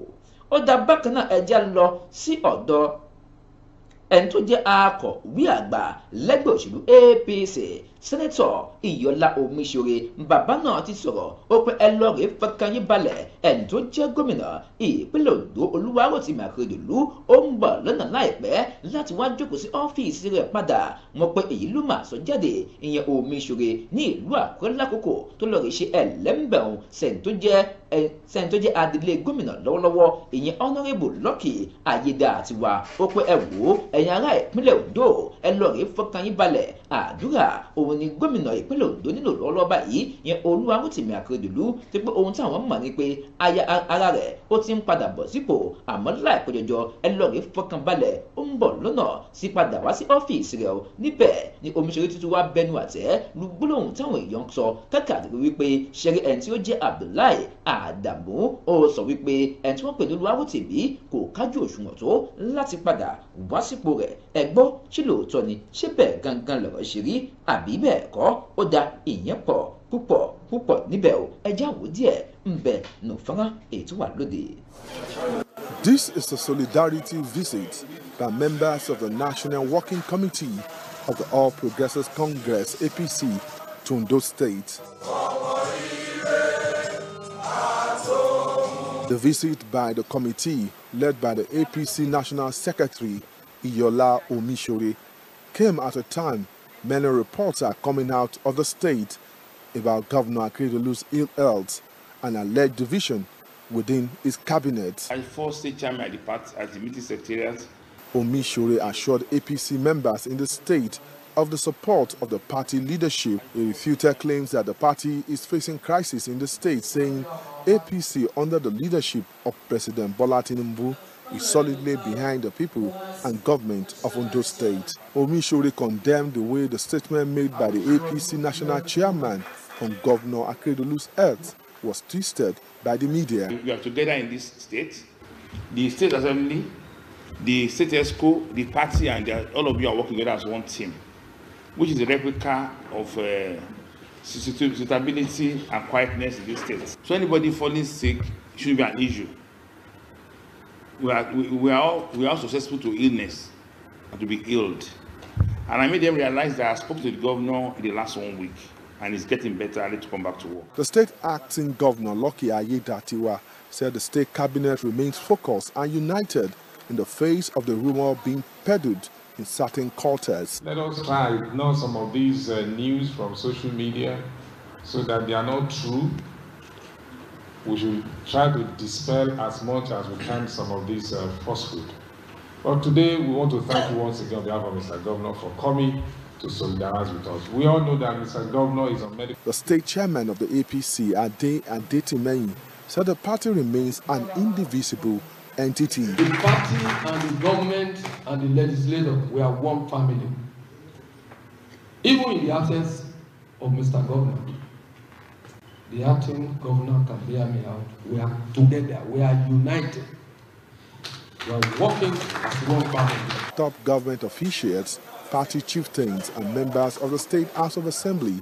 ó dá bákan náà ẹ jẹ́ lọ sí ọ̀dọ̀ ẹni tó jẹ́ akọ̀wé àgbà lẹ́gbẹ́ òṣèlú APC sẹ́nẹ́tọ̀ ìyọlá omiṣore bàbá náà ti sọ̀rọ̀ ó pé ẹ lọ rèé fọkàn yín balẹ̀ ẹni tó jẹ́ gómìnà ìpínlẹ̀ Ondo Olúwarótìmí Akérédolú ó ń bọ̀ lọ́nà láìpẹ́ láti wá jókòó sí ọ́fíìsì rẹ̀ padà mọ̀ pé èyí ló máa sọ jáde ìyẹn omiṣore ní ìlú Àkúrẹ́ lákòókò tó lọ rèé ṣe ẹlẹ́mbẹ̀rún sẹ́ni tó jẹ́ sẹ́ni tó jẹ́ adelé gómìnà lọ́wọ́lọ́wọ́ ìyẹn honourable Lucky Ayédè Àtiwà ó pé ẹ wò ó ará ìpínlẹ̀ Ondo ẹ lọ rèé fọkàn yín balẹ̀ àdúrà òun òun ni gómìnà ìpínlẹ̀ Ondo nílò lọ́wọ́lọ́wọ́ báyìí ìyẹn Olúwamútìmí Akérédolú ti pé ohun táwọn mọ̀ ni pé ara rẹ̀ ó ti ń padà bọ̀ sípò àmọ́ láìpẹ́ jọjọ ẹ lọ́ọ̀rẹ́ fọkànbalẹ̀ ó ń bọ̀ lọ́nà sí padà wá sí ọ́fíìsì rẹ̀ o níbẹ̀ ni omiṣẹ́rí tuntun wá bẹnu àtẹ́ lu gbólóhùn táwọn èèyàn sọ kákàdúró wípé ṣeré ẹni tí ó jẹ́ Abdullahi Adamu ó sọ wípé ẹni tí wọ́n pè ní Olúwamútìmí kò kájú òṣùwọ̀n tó láti padà wá sípò rẹ̀ ẹ lóòótọ́ ni ṣé bẹ́ẹ̀ gangan lọ̀rọ̀ ṣe rí àbí bẹ́ẹ̀ kọ́ ó da ìyẹn pọ̀ púpọ̀ púpọ̀ níbẹ̀ o ẹjẹ́ àwò díẹ̀ ń bẹ nù fọ́nrán èyí wà lóde. This is a solidarity visit by members of the National Working Committee of the All Progressives Congress APC to Ondo State. The visit by the committee led by the APC National Secretary Iyola Omishore, came at a time many reports are coming out of the state about Governor Akeredolu's ill health and alleged division within his cabinet. I forced the chairman at the, part, at the meeting secretariat. Omishore assured APC members in the state of the support of the party leadership. He refuted claims that the party is facing crisis in the state, saying APC under the leadership of President Bola Tinubu is solidly behind the people and government of Ondo State. Omishori condemned the way the statement made by the APC national chairman on Governor Akeredolu's Ert was twisted by the media. We are together in this state. The state assembly, the state school, the party, and all of you are working together as one team. which is a replica of uh, suitability and quietness in this state. So anybody falling sick should be an issue. We are, we, we are, all, we are all successful to illness and to be healed. And I made them realize that I spoke to the governor in the last one week and it's getting better. I need to come back to work. The state acting governor, Lucky Ayedatiwa, said the state cabinet remains focused and united in the face of the rumor being peddled in certain cultures. Let us try ignore some of these uh, news from social media so that they are not true. We should try to dispel as much as we can some of these uh, falsehood. But today we want to thank you once again on behalf of Mr. Governor for coming to solidarize with us. We all know that Mr. Governor is on medical. The state chairman of the APC, Ade Adetimeyi, said the party remains an indivisible entity. The party and the government and the legislature, we are one family. Even in the absence of Mr. Governor, the acting governor can hear me out. We are together. We are united. We are working as one family. Top government officials, party chieftains, and members of the State House of Assembly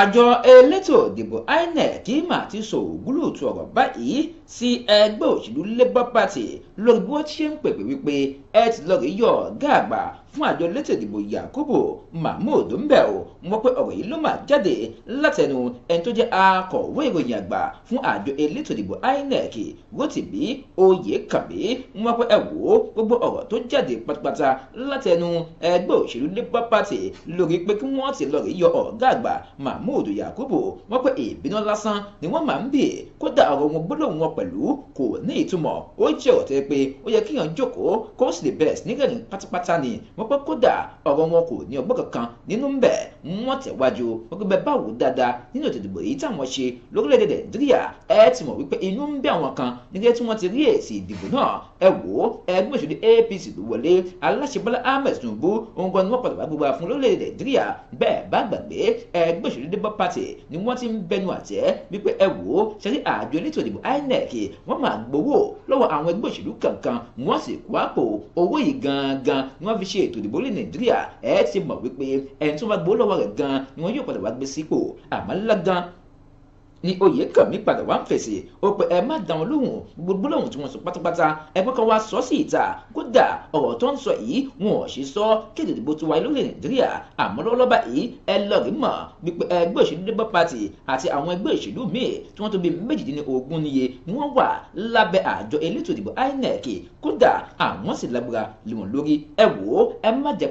àjọ elétò ìdìbò INEC mà ti sọ ògúlùtù ọ̀rọ̀ báyìí sí ẹgbẹ́ òṣèlú Labour Party lórí bí wọ́n ti ṣe ń pèpè wípé ẹ ti lọ́ọ́ rí yọ ọ̀gá àgbà fún àjọ elétò ìdìbò Yakubu Mahmood Mbẹ̀ò wọ́n pé ọ̀rọ̀ yìí ló máa jáde látẹnu ẹni tó jẹ́ akọ̀wé ìròyìn àgbà fún àjọ elétò ìdìbò INEC Rótìbí Oyèkànmí wọ́n pé ẹ wò ó gbogbo ọ̀rọ̀ tó jáde pátápátá látẹnu ẹgbẹ́ òṣèlú Labour Party lórí pé kí wọ́n ti lọ rí yọ ọ̀gá àgbà Mahmood Yakubu wọ́n pé ìbínú lásán ni wọ́n máa ń bè kódà ọ̀rọ̀ wọn gbólóhùn wọn pẹ̀lú kò ní ìtumọ̀ ó jẹ́ ọ̀tẹ́ pé ó yẹ kíyàn wọ́n pé kódà ọ̀rọ̀ wọn kò ní ọgbọ́n kankan nínú ń bẹ̀ wọ́n tẹ̀wájú wọ́n pé bẹ́ẹ̀ báwo dáadáa nínú ètò ìdìbò èyí táwọn ṣe lórílẹ̀‐èdè nàìjíríà ẹ ti mọ̀ wípé inú ń bẹ̀ àwọn kan nígbà tí wọ́n ti rí èsì ìdìbò náà ẹ wò ó ẹgbẹ́ òṣèlú apc ló wọlé aláṣẹ bọ́lá ahmed tinubu òun ni wọ́n padà wá gbogbo àfún lórílẹ̀‐èdè nàìjíríà bẹ́ẹ̀ bá gbàgbé ẹgbẹ́ ni wọ́n ti ń bẹnu àtẹ́ wípé ẹ wò ó ṣẹ́rí àjọ elétò ìdìbò inec wọ́n máa gbowó lọ́wọ́ ètò ìdìbò lè nàìjíríà ẹ ti mọ̀ wípé ẹni tó bá gbowó lọ́wọ́ rẹ̀ gan ni wọ́n yóò padà wá gbé sípò àmọ́ lágán ni oyèkànmí padà wá ń fèsì ó pé ẹ má dàn lóhùn gbogbo lóhùn tí wọ́n sọ pátápátá ẹgbẹ́ kan wá sọ sí ìta kódà ọ̀rọ̀ tó ń sọ yìí wọn ò ṣe sọ kéde ìdìbò tó wáyé lórílẹ̀ nàìjíríà àmọ́ lọ́lọ́ba yìí ẹ lọ́ọ̀rì mọ̀ wípé ẹgbẹ́ òṣèlú labour party àti àwọn ẹgbẹ́ òṣèlú míì tí wọ́n tó bí méjìdínlógún níye ni wọ́n wà lábẹ́ àjọ elétò ìdìbò inec kódà àwọn sì lágbára lé wọn lórí ẹ wò ó ẹ má jẹ́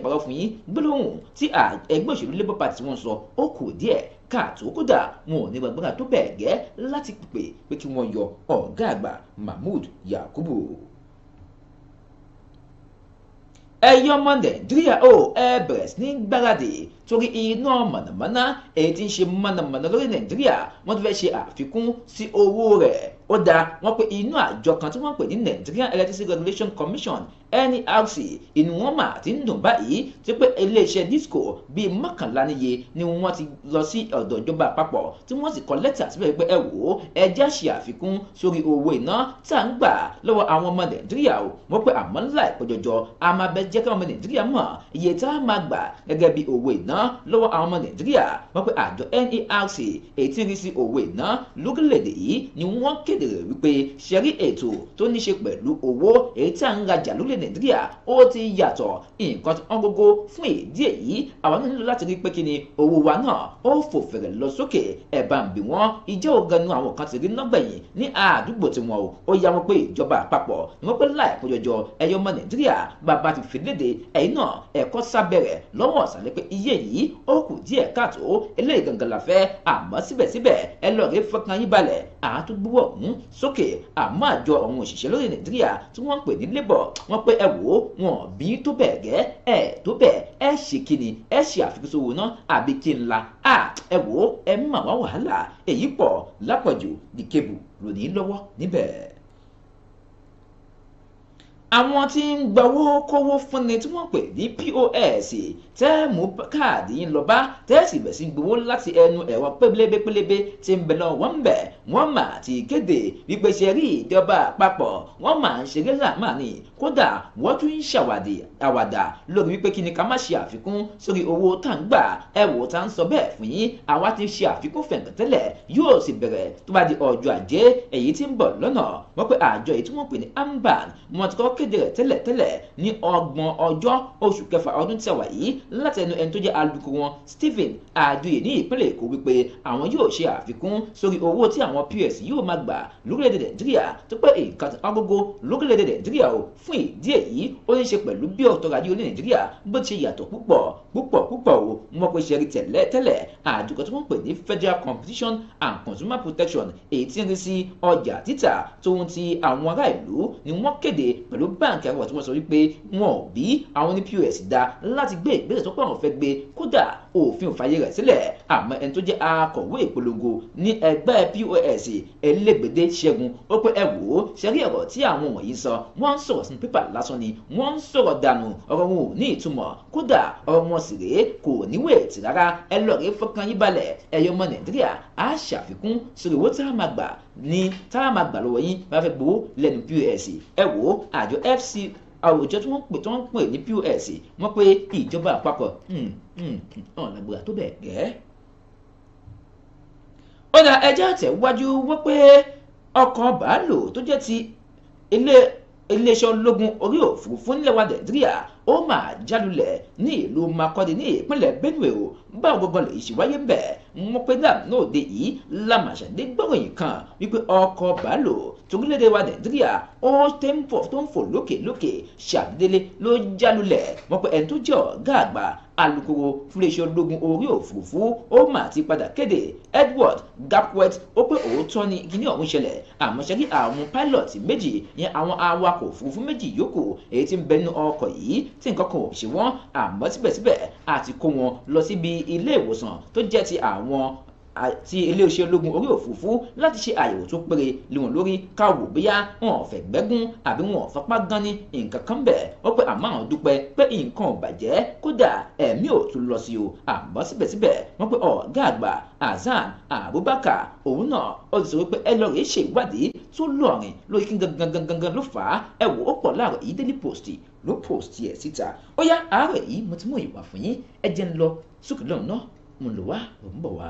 party wọ́n sọ kàtó kódà wọn ò ní gbàgbọ́ra tó bẹ́ẹ̀ gẹ́ láti pè pé kí wọ́n yọ ọ̀gá àgbà Mahmood Yakubu ẹ̀yin ọmọ nàìjíríà o ẹ bẹ̀rẹ̀ sí ní gbáradì torí iná mọ̀nàmọ́ná èyí tí ń ṣe mọ̀nàmọ́ná lórí nàìjíríà wọ́n ti fẹ́ ṣe àfikún sí owó rẹ̀ ó da wọ́n pé inú àjọ kan tí wọ́n pè ní Nigerian Electricity Regulation Commission NERC inú wọn mà ti ń dùn báyìí tí pé iléeṣẹ́ disco bíi mọ́kànlá níye ni wọ́n ti lọ sí ọ̀dọ̀ ìjọba àpapọ̀ tí wọ́n sì kọ lẹ́tà síbẹ̀ pé ẹ wò ó ẹ já ṣe àfikún sórí owó iná tá à ń gbà lọ́wọ́ àwọn ọmọ nàìjíríà o wọ́n pé àmọ́ láìpẹ́ jọjọ a máa bẹ jẹ́ káwọn ọmọ nàìjíríà mọ̀ iye tá a máa gbà gẹ́gẹ́ bí owó iná lọ́wọ́ àwọn ọmọ nàìjíríà wọ́n pé àjọ nerc èyí tí ń rí sí owó iná lórílẹ̀ yìí ni wọ́n kéde rẹ̀ wípé ṣẹ́rí ètò tó ní ṣe pẹ̀lú owó èyí tí à ń rajà lórílẹ̀ nàìjíríà ó ti yàtọ̀ nǹkan tó ń gógó fún ìdí èyí àwọn nílò láti rí pé kí ni owó wa náà ó fò fèrè lọ sókè ẹ̀bà ń bì wọ́n ìjẹ́ òganu àwọn kan ti rí nọ́gbẹ̀yìn ní àdúgbò tiwọn o ó yá wọn pé ìjọba àpapọ̀ ni wọ́n pé láìpẹ́ jọjọ ẹ̀yọ́ ọmọ nàìjíríà bàbá ti fi léde ẹ̀yìn náà ẹ̀kọ́ sábẹ̀rẹ̀ lọ́wọ́ ọ̀sán lé iye eléyìí ó kù díẹ̀ káàtó eléyìí gangan la fẹ́ àmọ́ síbẹ̀síbẹ̀ ẹ lọ rí fọkàn yín balẹ̀ àtúgbúwọ̀ ọ̀hún sókè àmọ́ àjọ àwọn òṣìṣẹ́ lórí nàìjíríà tí wọ́n ń pè ní labour wọ́n pé ẹ wò ó wọn bí tó bẹ̀ gẹ́ ẹ tó bẹ̀ ẹ ṣe kíni ẹ ṣe àfikún sówó ná àbí kí n la ẹ wò ó ẹ má wá wàhálà èyí pọ̀ lápọ̀jù dìkebù lónìí lọ́wọ́ níbẹ̀ àwọn tí ń gbowó kówó fúnni tí wọ́n pè ní pos tẹ́ẹ̀mù káàdì ń lọ bá tẹ́ẹ̀sì bẹ̀ sí gbowó láti ẹnu ẹ̀rọ pélébé pélébé tí ń bẹ lọ wọ́n ń bẹ̀ wọ́n mà ti kéde wípé ṣe rí ìjọba àpapọ̀ wọ́n mà ń ṣeré ràmà ni kódà wọ́n tún ń ṣàwádìí àwàdà lórí wípé kí ni ká má ṣe àfikún sórí owó tá à ń gbà ẹ wò tá à ń sọ bẹ́ẹ̀ fún yín àwa ti ṣe àfikún fẹ̀ǹkan tẹ́lẹ̀ yóò sì bẹ̀rẹ̀ tó bá di ọjọ́ ajé èyí tí ń bọ̀ lọ́nà wọ́n pé àjọ èyí tí wọ́n pè ní amban wọn ti kọ́ kéde rẹ̀ tẹ́lẹ̀ tẹ́lẹ̀ ní ọgbọ̀n ọjọ́ oṣù kẹfà ọdún tí a wà yìí láti ẹni tó jẹ́ alukó wọn Stephen Adoye ní ìpínlẹ̀ Èkó wípé àwọn yóò ṣe àfikún sórí owó tí àwọn PS yóò máa gbà lórílẹ̀-èdè Nàìjíríà tó pé ìkàtàkọ́gógó lórílẹ̀-èdè Nàìjíríà ò fún ìdí èyí ó ní í ṣe pẹ̀lú bí ọ̀rọ̀ tọrọ ajé orí nàìjíríà bó ti yàtọ̀ púpọ̀ púpọ̀ púpọ̀ o mọ̀ pé ṣe rí tẹ́lẹ̀ tẹ́lẹ̀ àjùkọ tí wọ́n pè ní federal competition and consumer protection èyí tí ń rí sí ọjà títà tóun ti àwọn ará ìlú ni wọ́n kéde pẹ̀lú báǹkì àwọn tí wọ́n sọ wípé wọn ò bí àwọn ní pos dá láti gbé ìgbésẹ̀ tó pọ̀ àwọn fẹ́ gbé kódà òfin ò fàyè rẹ̀ sílẹ̀ àmọ́ ẹni tó jẹ́ akọ̀wé ìpolongo ní ẹgbẹ́ pos elégbèdé ṣẹ́gun ó pé ẹ wò ó ṣe rí ọ̀rọ̀ tí àwọn wọ̀nyí sọ wọ́n ń sọ̀rọ̀ sínú pépà lásán ni wọ́n ń sọ̀rọ̀ dànù dànù ọ̀rọ̀ wọn ò ní ìtumọ̀ kódà ọ̀rọ̀ wọn sì rèé kò níwèé tì rárá ẹ lọ rèé fọkàn yín balẹ̀ ẹyọ ọmọ nàìjíríà á ṣàfikún sórí owó tá a máa gbà ní tá a máa gbà lọ́wọ́ yín bá fẹ́ gbowó lẹ́nu pọ́s ẹ wò ó àjọ fc àwùjọ tí wọ́n pè tí wọ́n pè ní pọ́s wọ́n pé ìjọba àpapọ̀ hmm, hmm, hmm, ọ̀nà gbòòrà tó bẹ̀ gẹ́. ó dà ẹjẹ́ àtẹ̀wájú wọ́n pé ọkọ̀ bàálù tó jẹ́ ti ilé iléeṣẹ́ ológun orí òfurufú nílẹ̀ wa nàìjíríà ó máa jálulẹ̀ ní ìlú makọ́ni ní ìpínlẹ̀ benue o báwo gbogbo lè ṣì wáyé ń bẹ̀ wọ́n pé náà náà dé yìí lamàṣẹ́dé gbọ́ròyìn kan wípé ọkọ̀ bàálù torílẹ̀-èdè wa nàìjíríà ó tẹ́ ń fò tó ń fò lókè lókè ṣàdédélé ló jálulẹ̀ wọ́n pé ẹni tó jẹ́ ọ̀gá àgbà alukoro fúléṣẹ́ ológun orí òfurufú ó mà ti padà kéde Edward Gapquet ó pé òótọ́ ni kíní ọ̀hún ṣẹlẹ̀ àmọ́ ṣe kí àwọn pilot méjì yẹn àwọn awakọ̀ òfurufú méjì yòókù èyí tí ń bẹ nínú ọkọ̀ yìí tí nǹkan kan ò ṣe wọ́n àmọ́ síbẹ̀síbẹ̀ àti kó wọn lọ síbi ilé ìwòsàn tó jẹ́ ti àwọn àti iléeṣẹ́ ológun orí òfurufú láti ṣe àyẹ̀wò tó péré lé lórí ká wò wọn ò fẹ́ gbẹ́gún àbí wọn ò fapá gan ni nǹkan kan bẹ̀ wọ́n pé àmọ́ àwọn dúpẹ́ pé nǹkan ò bàjẹ́ kódà ẹ̀mí ò tún lọ sí o àmọ́ síbẹ̀síbẹ̀ wọ́n pé ọ̀gá àgbà Hasan Abubakar òun náà ó ti sọ wípé ẹ lọ rèé ṣe ìwádìí tó lọ́rin lórí kí gangan gangan ló fà á ẹ wò ó pọ̀ láàrọ̀ yìí Daily Post ló post ẹ̀ síta ó yá àárọ̀ yìí mo ti mú ìwà fún yín ẹ jẹ́ ń lọ sókè lọ́run mo lò wá mo ń bọ̀ wá.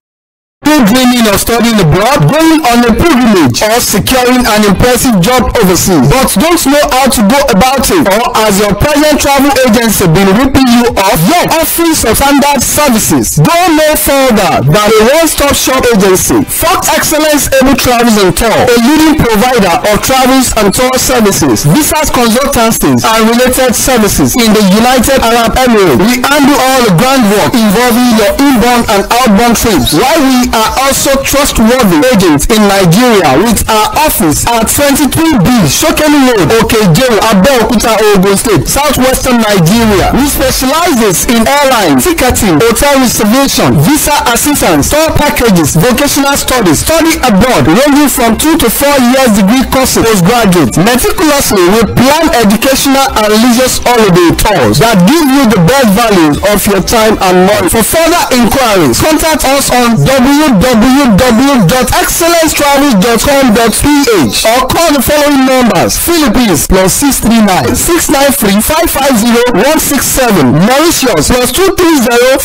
meaning of studying abroad, going on a pilgrimage, or securing an impressive job overseas, but don't know how to go about it, or as your present travel agency been ripping you off, yet offering substandard services. Go no further than a one-stop shop agency. Fox Excellence Able Travels and Tour, a leading provider of travels and tour services, visas consultancies, and related services in the United Arab Emirates. We handle all the groundwork involving your inbound and outbound trips, while we are also also trustworthy agents in Nigeria with our office at 23B Shokeni Road, Okejewo, Abeokuta, Ogun State, Southwestern Nigeria. We specialize in airline, ticketing, hotel reservation, visa assistance, tour packages, vocational studies, study abroad ranging from two to four years degree courses, postgraduate. Meticulously, we plan educational and religious holiday tours that give you the best value of your time and money. For further inquiries, contact us on www www.excellencetravels.com.ph or call the following numbers Philippines plus 639 693 550 167 Mauritius plus 230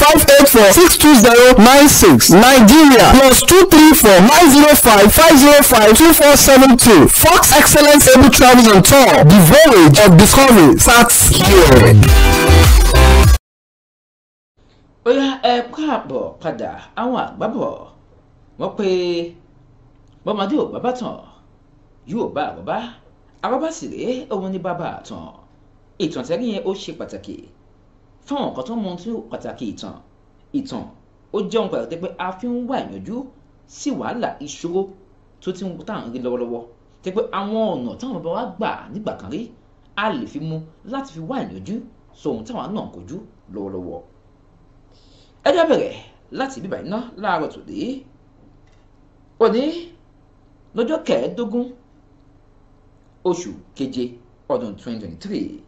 584 620 96 Nigeria plus 234 905 505 2472 Fox Excellence Able Travels and Tour The Voyage of Discovery starts here. ó yá ẹ káàbọ̀ padà àwọn àgbàbọ̀ wọ́n pé bọ́mọdé ò bàbá tàn yóò bá àrọ́bá àrọ́bá sì rèé òun ní bàbá àtàn ìtàn tẹ́rí yẹn ó ṣe pàtàkì fáwọn kan tó mọ ohun tí ó pàtàkì ìtàn ìtàn ó jẹ́ ohun pàtàkì pé a fi ń wá ìyànjú sí wàhálà ìṣòro tó ti ń tá à ń rí lọ́wọ́lọ́wọ́ tẹ́ pé àwọn ọ̀nà táwọn bàbá wa gbà nígbà kan rí a lè fi mú láti fi wá ìyànjú sóhun táwọn náà kojú lọ́wọ́lọ́wọ́ ẹ bẹ̀rẹ̀ láti bíbá iná láàárọ̀ tòde òní lọ́jọ́ kẹẹ̀ẹ́dógún oṣù keje ọdún 2023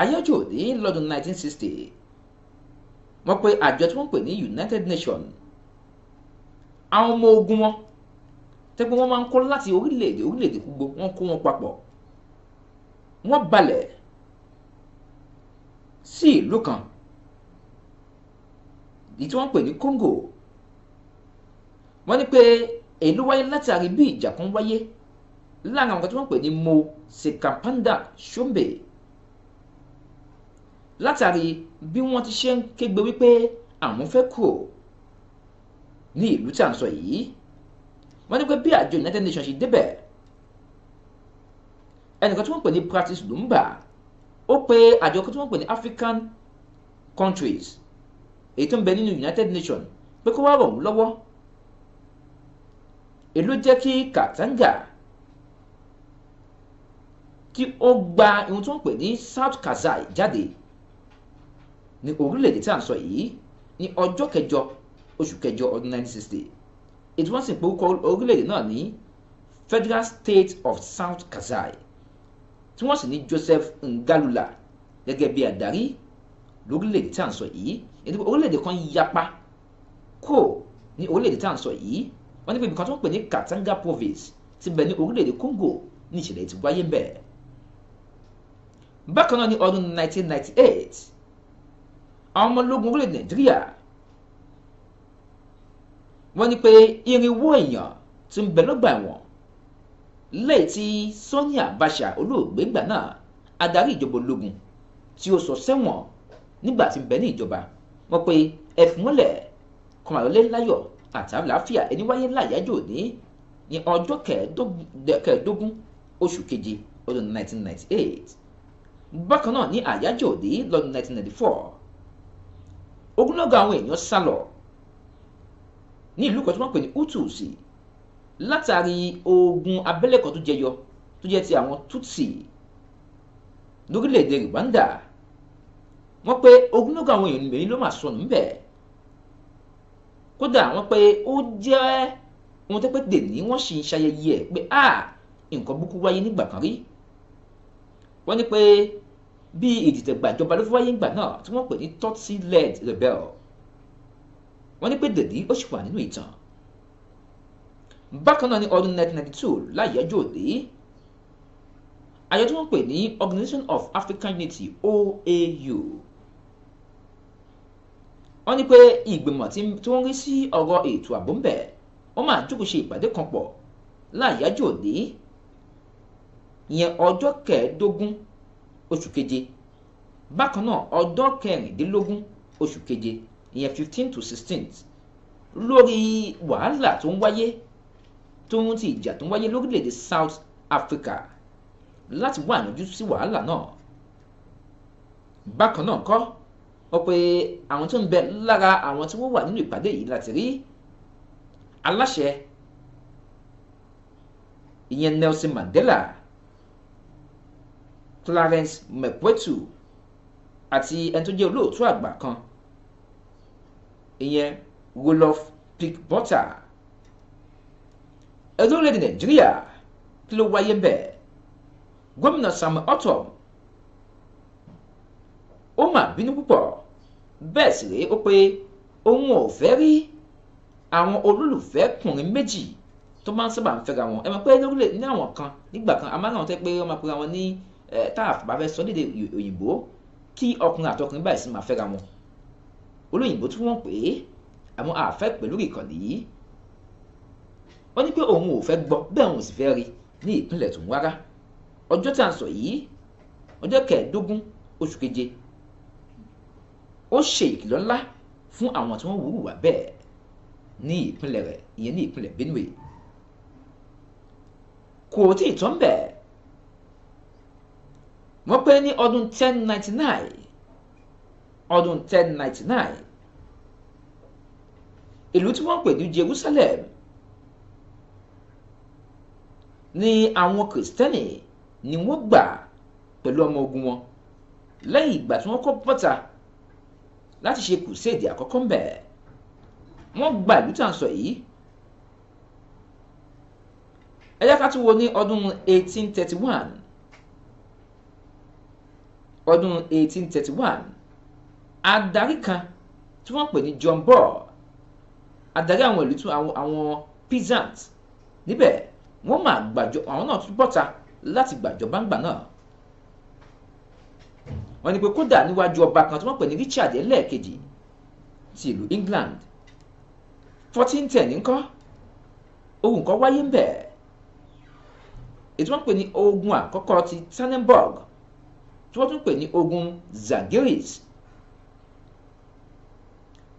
ayájọ òní lọ́dún 1960 wọ́n pe àjọ tí wọ́n pè ní United Nations àwọn ọmọ ogun wọn tẹ́gbọ́n wọn máa ń kó láti orílẹ̀-èdè orílẹ̀-èdè gbogbo wọn kó wọn papọ̀ wọ́n balẹ̀ sí ìlú kan èyí tí wọ́n pè ní Congo wọ́n ní pé èyí ló wáyé látàrí bí ìjà kan wáyé láàrin àwọn kan tí wọ́n pè ní Mo Sekapanda Shombe látàrí bí wọ́n ti ṣe ń kégbe wípé àwọn fẹ́ kúrò ní ìlú tí à ń sọ yìí wọ́n ní pé bí àjọ United Nations ṣe débẹ̀ ẹnìkan tí wọ́n pè ní Patrice Lumumba ó pe àjọ kan tí wọ́n pè ní African countries èyí tó ń bẹ nínú United Nations pé kó wá rọ̀ wọ́n lọ́wọ́ èló jẹ́ kí Katanga kí ó gba ohun tó ń pè ní South Kasai jáde ní orílẹ̀-èdè tí à ń sọ yìí ní ọjọ́ kẹjọ oṣù kẹjọ ọdún 1960 ètò sì ń pe orílẹ̀-èdè náà ní Federal State of South Kasai tí wọ́n sì ní Joseph Ngalula gẹ́gẹ́ bí adarí lórílẹ̀-èdè tí à ń sọ yìí ètò orílẹ̀-èdè kan yapa kò ní orílẹ̀-èdè tí à ń sọ yìí wọ́n ní pé ibìkan tó ń pè ní Katanga province ti bẹ̀ ní orílẹ̀-èdè Congo ní ìṣẹ̀lẹ̀ ti wáyé bẹ̀. bákan náà ní ọdún 1998 àwọn ọmọ ológun orílẹ̀-èdè Nàìjíríà wọ́n ní pé irinwó èèyàn ti ń bẹ lọ́gbà ẹ̀wọ̀n lẹ́yìn tí Sani Abacha olóògbé ìgbà náà adarí ìjọba ológun tí ó sọ sẹ́wọ̀n nígbà tí ń bẹ ní ìjọba wọ́n pé ẹ̀fúnmọ́lẹ̀ kọmọlọ́lé àtàláfíà ẹni wáyé láyájọ́ ní ní ọjọ́ kẹẹ̀ẹ́dógún oṣù keje ọdún 1998 bákan náà ní àyájọ́ òde lọ́dún 1994 ogunlọ́gọ̀ àwọn èèyàn sá lọ ní ìlú kan tó wọ́n pè ní Hutus látàrí ogun abẹ́lé kan tó jẹyọ tó jẹ́ ti àwọn Tutsi lórílẹ̀ Rwanda wọ́n pé ogunlọ́gọ̀ àwọn èèyàn mẹ́rin ló máa sọnù níbẹ̀ kódà wọ́n pé ó jẹ́ ohun tó pé dèní wọ́n sì ń ṣayẹyẹ ẹ̀ pé a nǹkan burúkú wáyé nígbà kan rí wọ́n ní pé bí ìdìtẹ̀gbàjọba ló fi wáyé ńgbà náà tí wọ́n pè ní tutsi led rebel wọ́n ní pé dèní ó sì wà nínú ìtàn bákan náà ní ọdún 1992 láyájọ́ òde àjọ wọ́n pè ní Organisation of African Unity OAU wọ́n ní pé ìgbìmọ̀ tí wọ́n rí sí ọ̀rọ̀ ètò ààbò ń bẹ̀ wọ́n máa jókòó ṣe ìpàdé kan pọ̀ láàyájọ́ òní ìyẹn ọjọ́ kẹẹ̀ẹ́dógún oṣù keje bákan náà ọjọ́ kẹrìndínlógún oṣù keje ìyẹn fifteen to sixteen lórí wàhálà tó ń wáyé tó ń ti ìjà tó ń wáyé lórílẹ̀‐èdè South Africa láti wá àyànjú sí wàhálà náà bákan náà kọ́ ó pé àwọn tó ń bẹ lára àwọn tí wọ́n wà nínú ìpàdé yìí láti rí aláṣẹ ìyẹn Nelson Mandela Clarence Mekwetu àti ẹni tó jẹ́ olóòtú àgbà kan ìyẹn Rolof Picbota ẹdún orílẹ̀-èdè Nàìjíríà kí ló wáyé bẹ́ẹ̀ gómìnà Samuel Ortom ó mà bínú púpọ̀ bẹ́ẹ̀ sì rèé ó pé òun ò fẹ́ rí àwọn olólùfẹ́ kùnrin méjì tó máa ń sábà ń fẹ́ra wọn ẹ mọ̀ pé lórílẹ̀ ní àwọn kan nígbà kan amáhàn tó pé wọ́n máa pera wọn ní táàfù bá fẹ́ sọ lédè òyìnbó kí ọkùnrin àtọkùnrin báyìí sì máa fẹ́ra wọn olóyìnbó tí wọ́n pè é àwọn àfẹ́ pẹ̀lú ìkànnì yìí wọ́n ní pé òun ò fẹ́ gbọ́ bẹ́ẹ̀ òun sì fẹ́ rí ní ìpínlẹ̀ tòun rárá ọjọ́ tí a sọ yìí ọjọ́ kẹẹ̀ẹ́dógún oṣù keje ó ṣe ìkìlọ̀ ńlá fún àwọn tí wọ́n wúrú wà bẹ́ẹ̀ ní ìpínlẹ̀ rẹ̀ ìyẹn ní ìpínlẹ̀ Benue kò tí ì tán bẹ́ẹ̀ wọ́n pé ní ọdún 1099 ọdún 1099 ìlú tí wọ́n pè ní Jerusalem ni àwọn kìrìsìtẹ́nì ni wọ́n gbà pẹ̀lú ọmọ ogun wọn lẹ́yìn ìgbà tí wọ́n kọ́ bọ́ta láti ṣe kùséèdì àkọ́kọ́ ń bẹ̀ wọ́n gba ìlú tàn sọ yìí ẹ ká tún wo ní ọdún 1831 ọdún 1831 adarí kan tí wọ́n pè ní John Ball adarí àwọn ìlú tún àwọn peasant níbẹ̀ wọ́n máa gbàjọ àwọn náà tún bọ́ta láti gbàjọba ńgbà náà wọ́n ní pé kódà níwájú ọba kan tí wọ́n pè ní Richard ẹlẹ́ẹ̀kejì ti ìlú England fourteen ten ńkọ́ ohun kan wáyé ń bẹ̀ ètò wọ́n pè ní ogun àkọ́kọ́ ti Tannenberg tí wọ́n tún pè ní ogun Zagiris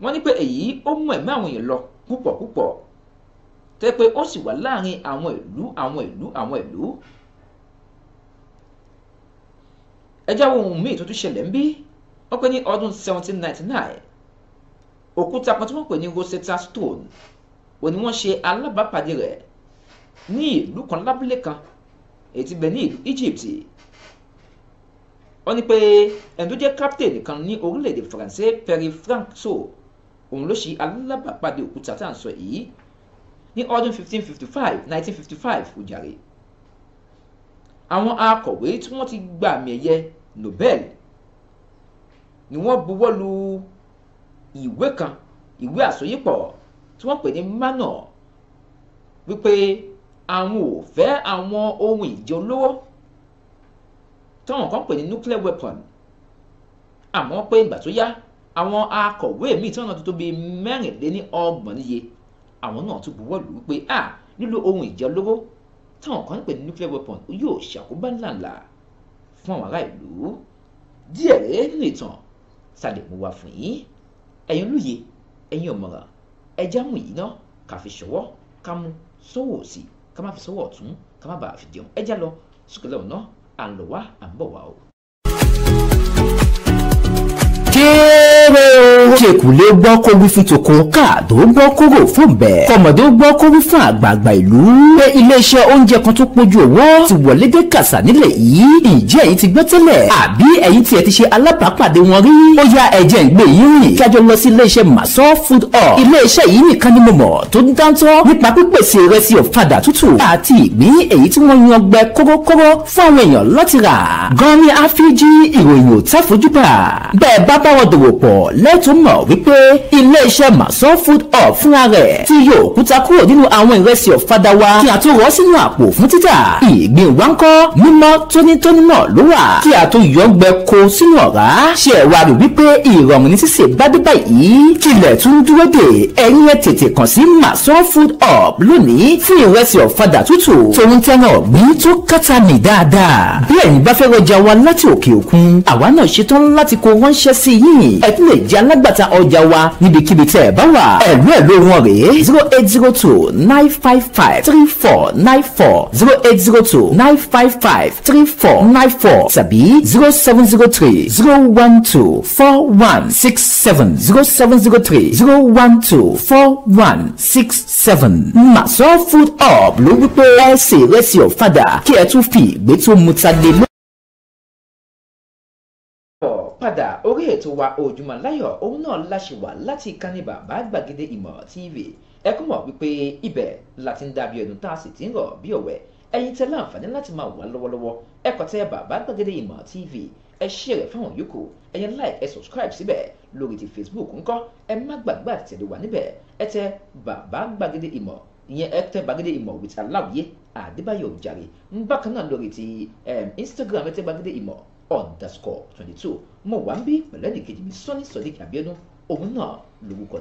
wọ́n ní pé èyí ó mú ẹ̀mí àwọn èèyàn lọ púpọ̀ púpọ̀ tẹ́ pé ó sì wà láàrin àwọn ìlú àwọn ìlú àwọn ìlú ẹ jẹ́ wo ohun míì tó tún ṣẹlẹ̀ ń bí wọ́n pè ní ọdún 1799 òkúta kan tí wọ́n pè ní Rosetta Stone ò ní wọ́n ṣe alábàápàdé rẹ̀ ní ìlú kan lábúlé kan èyí tí bẹ ní ìlú Egypt wọ́n ní pé ẹni tó jẹ́ captain nìkan ní orílẹ̀-èdè Faransé Perry Franco òun ló ṣe alábàápàdé òkúta tá à ń sọ yìí ní ọdún 1555 1955 ó jàre àwọn akọ̀wé tí wọ́n ti gba àmì ẹ̀yẹ Nobel ni wọ́n buwọ́ lu ìwé kan ìwé àsọyípọ̀ tí wọ́n pè ní manọ wípé àwọn ò fẹ́ àwọn ohun ìjẹ olówó táwọn kan pè ní nuclear weapon àmọ́ pé ìgbà tó yá àwọn akọ̀wé míì tí wọ́n náà tó tóbi mẹ́rìnléní ọgbọ̀n níye àwọn náà tún buwọ́ lù ú pé à lílo ohun ìjẹ olówó táwọn kan pè ní nuclear weapon yóò ṣàkóbá ńláńlá fún àwọn ará ìlú díẹ̀ rèé nìtàn sàdéhùn wa fún yín ẹ̀yin olóye ẹ̀yin ọ̀mọ̀ràn ẹja mú yìí ná ká fi ṣọwọ́ ká mú sọ́wọ́ òsì ká má fi sọ́wọ́ ọ̀tún ká má bàa fi jẹun ẹja lọ sókè lọ́wọ́ à ń lọ wá à ń bọ̀ wá o kéré o. kí èkùlé gbọ́ kó wí fún tòkó káàdó gbọ́ kóró fún bẹ́ẹ̀ kọmọdé gbọ́ kó wí fún àgbààgbà ìlú. pé iléeṣẹ́ oúnjẹ kan tó pójú owó ti wọlé dé kàṣà nílẹ̀ yìí ǹjẹ́ ẹ̀yin ti gbọ́ tẹ́lẹ̀ àbí ẹ̀yin tiẹ̀ ti ṣe alábàápàdé wọn rí. ó ya ẹ̀jẹ̀ ń gbé yín rìn kájọ lọ sí iléeṣẹ́ maso food hall iléeṣẹ́ yìí nìkan ni mo mọ̀ tó ń dáńtọ́ nípa pípèsè ìrẹsì ọ̀fadà tútù àti ìgbín èyí tí wọ́n yan gbẹ kórókóró fún àwọn èèyàn láti rà. gan ìròyìn ò tẹ́ fojú bà bẹ́ẹ̀ bá bá dòwò pọ̀ ọ̀rọ̀ lẹ́tún mọ̀ wípé ilé-iṣẹ́ mason food hub fúnra rẹ̀ ti yọ òkúta kúrò nínú àwọn ìrẹsì ọ̀fadà wa kí a tó rọ́ sínú àpò fún títà ìgbín wa ń kọ́ mímọ́ tónítóní náà ló wà kí a tó yọ ọgbẹ́ ko sínú ọ̀rá ṣe ẹ̀ wá rí wípé ìrọ̀rùn ní sísè bá dé báyìí kílẹ̀ tún dúró dè ẹ̀yin ẹ̀ tètè kàn sí mason food hub lónìí fún ìrẹsì ọ̀fadà tútù tòun tẹ́ran ọ̀gbìn tó kátà mì dáadáa bí ẹ̀yin bá fẹ́ rọjà wa láti òkè òkun àwa náà ṣetán láti kó ránṣẹ́ sí yín ẹ̀kún lè jẹ́ alágbàtà ọjà wa níbikíbi tẹ́ bá wà ẹ̀lú ẹ̀ ló wọ́n rèé zero eight zero two nine five five three four nine four zero eight zero two nine five five three four nine four tàbí zero seven zero three zero one two four one six seven zero seven zero three zero one two four one six seven. Maso Food up ló wípé ẹ ṣe ìrẹsì ọ̀fadà kí ẹ tún fi ìgbé tó mu ta lé lọ padà orí ètò wa Ojúmọ́ Láyọ̀ òun náà láṣẹ wà láti ìkànnì bàbá gbàgede ìmọ̀ TV ẹ kú mọ̀ wípé ibẹ̀ la ti ń dàbí ẹnu tá a sì ti ń rọ̀ bí ọ̀wẹ́ ẹ̀yin tẹ láǹfààní láti máa wà lọ́wọ́lọ́wọ́ ẹ tẹ bàbá gbàgede ìmọ̀ TV ẹ ṣí rẹ̀ fáwọn yòókù ẹ̀yin like ẹ subscribe síbẹ̀ lórí ti Facebook ńkọ́ ẹ má gbàgbé àti tẹ̀lé wa níbẹ̀ ẹ tẹ bàbá gbàgede ìmọ̀ ìyẹn ẹ tẹ gbàgede ìmọ̀ with aláwìyé àdébáyọ̀ òjàre bákan náà lórí ti Instagram ẹ tẹ gbàgede ìmọ̀ underscore 22 mo wà ń bí pẹ̀lẹ́ nìkejì mi sọ́ni sọ́díkì àbíọ́dún òun náà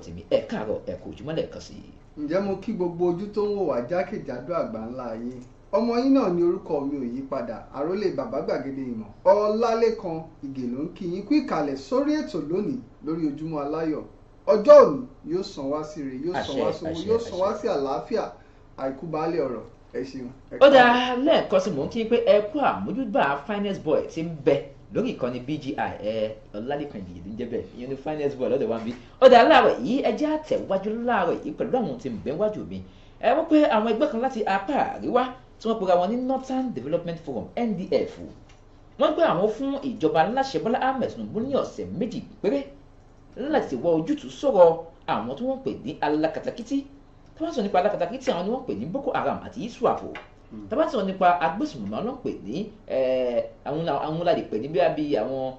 tèmi ẹ̀ káàárọ̀ ẹ̀ kò jùmọ̀ lẹ́ẹ̀kan sí i. ǹjẹ́ mo kí gbogbo ojú tó ń wò wá jákèjádò àgbà ńlá yín ọmọ yín náà ni orúkọ mi ò yí padà àrólé bàbá gbàgede ìmọ̀ ọlálékan ìgè ló ń kí yín kú ìkàlẹ̀ sórí ètò lónìí lórí ojúmọ́ ẹ ṣeun. ó dáa lẹ́ẹ̀kan sí mò ń kí pé ẹ kú àmójúgbà finest boy ti ń bẹ lórí ìkànnì BGI ẹ ọlálẹ́kan ìdíyẹ ló ń jẹ́ bẹ́ẹ̀ ìyẹn ní finest boy lọ́dọ̀ wa ń bí. ó dáa láàárọ̀ yìí ẹ jẹ́ àtẹ̀wájú láàárọ̀ yìí pẹ̀lú àwọn tí ń bẹ wájú mi ẹ wọ́n pé àwọn ẹgbẹ́ kan láti apá àríwá tí wọ́n pera wọn ní Northern Development Forum NDF wọ́n gbé àwọn fún ìjọba aláṣẹ Bọ́lá Ahmed Tinubu ní ọ̀sẹ̀ méjì péré láti wọ ojútùú sọ̀rọ̀ àwọn tí wọ́n pè ní alákatakítí tá bá sọ nípa alákatakí tí àwọn ni wọ́n pè ní Boko Haram àti Iswafo hmm. tá bá sọ nípa agbésùnmọ̀mọ́ ló ń pè ní àwọn la lè pè ní bí i àwọn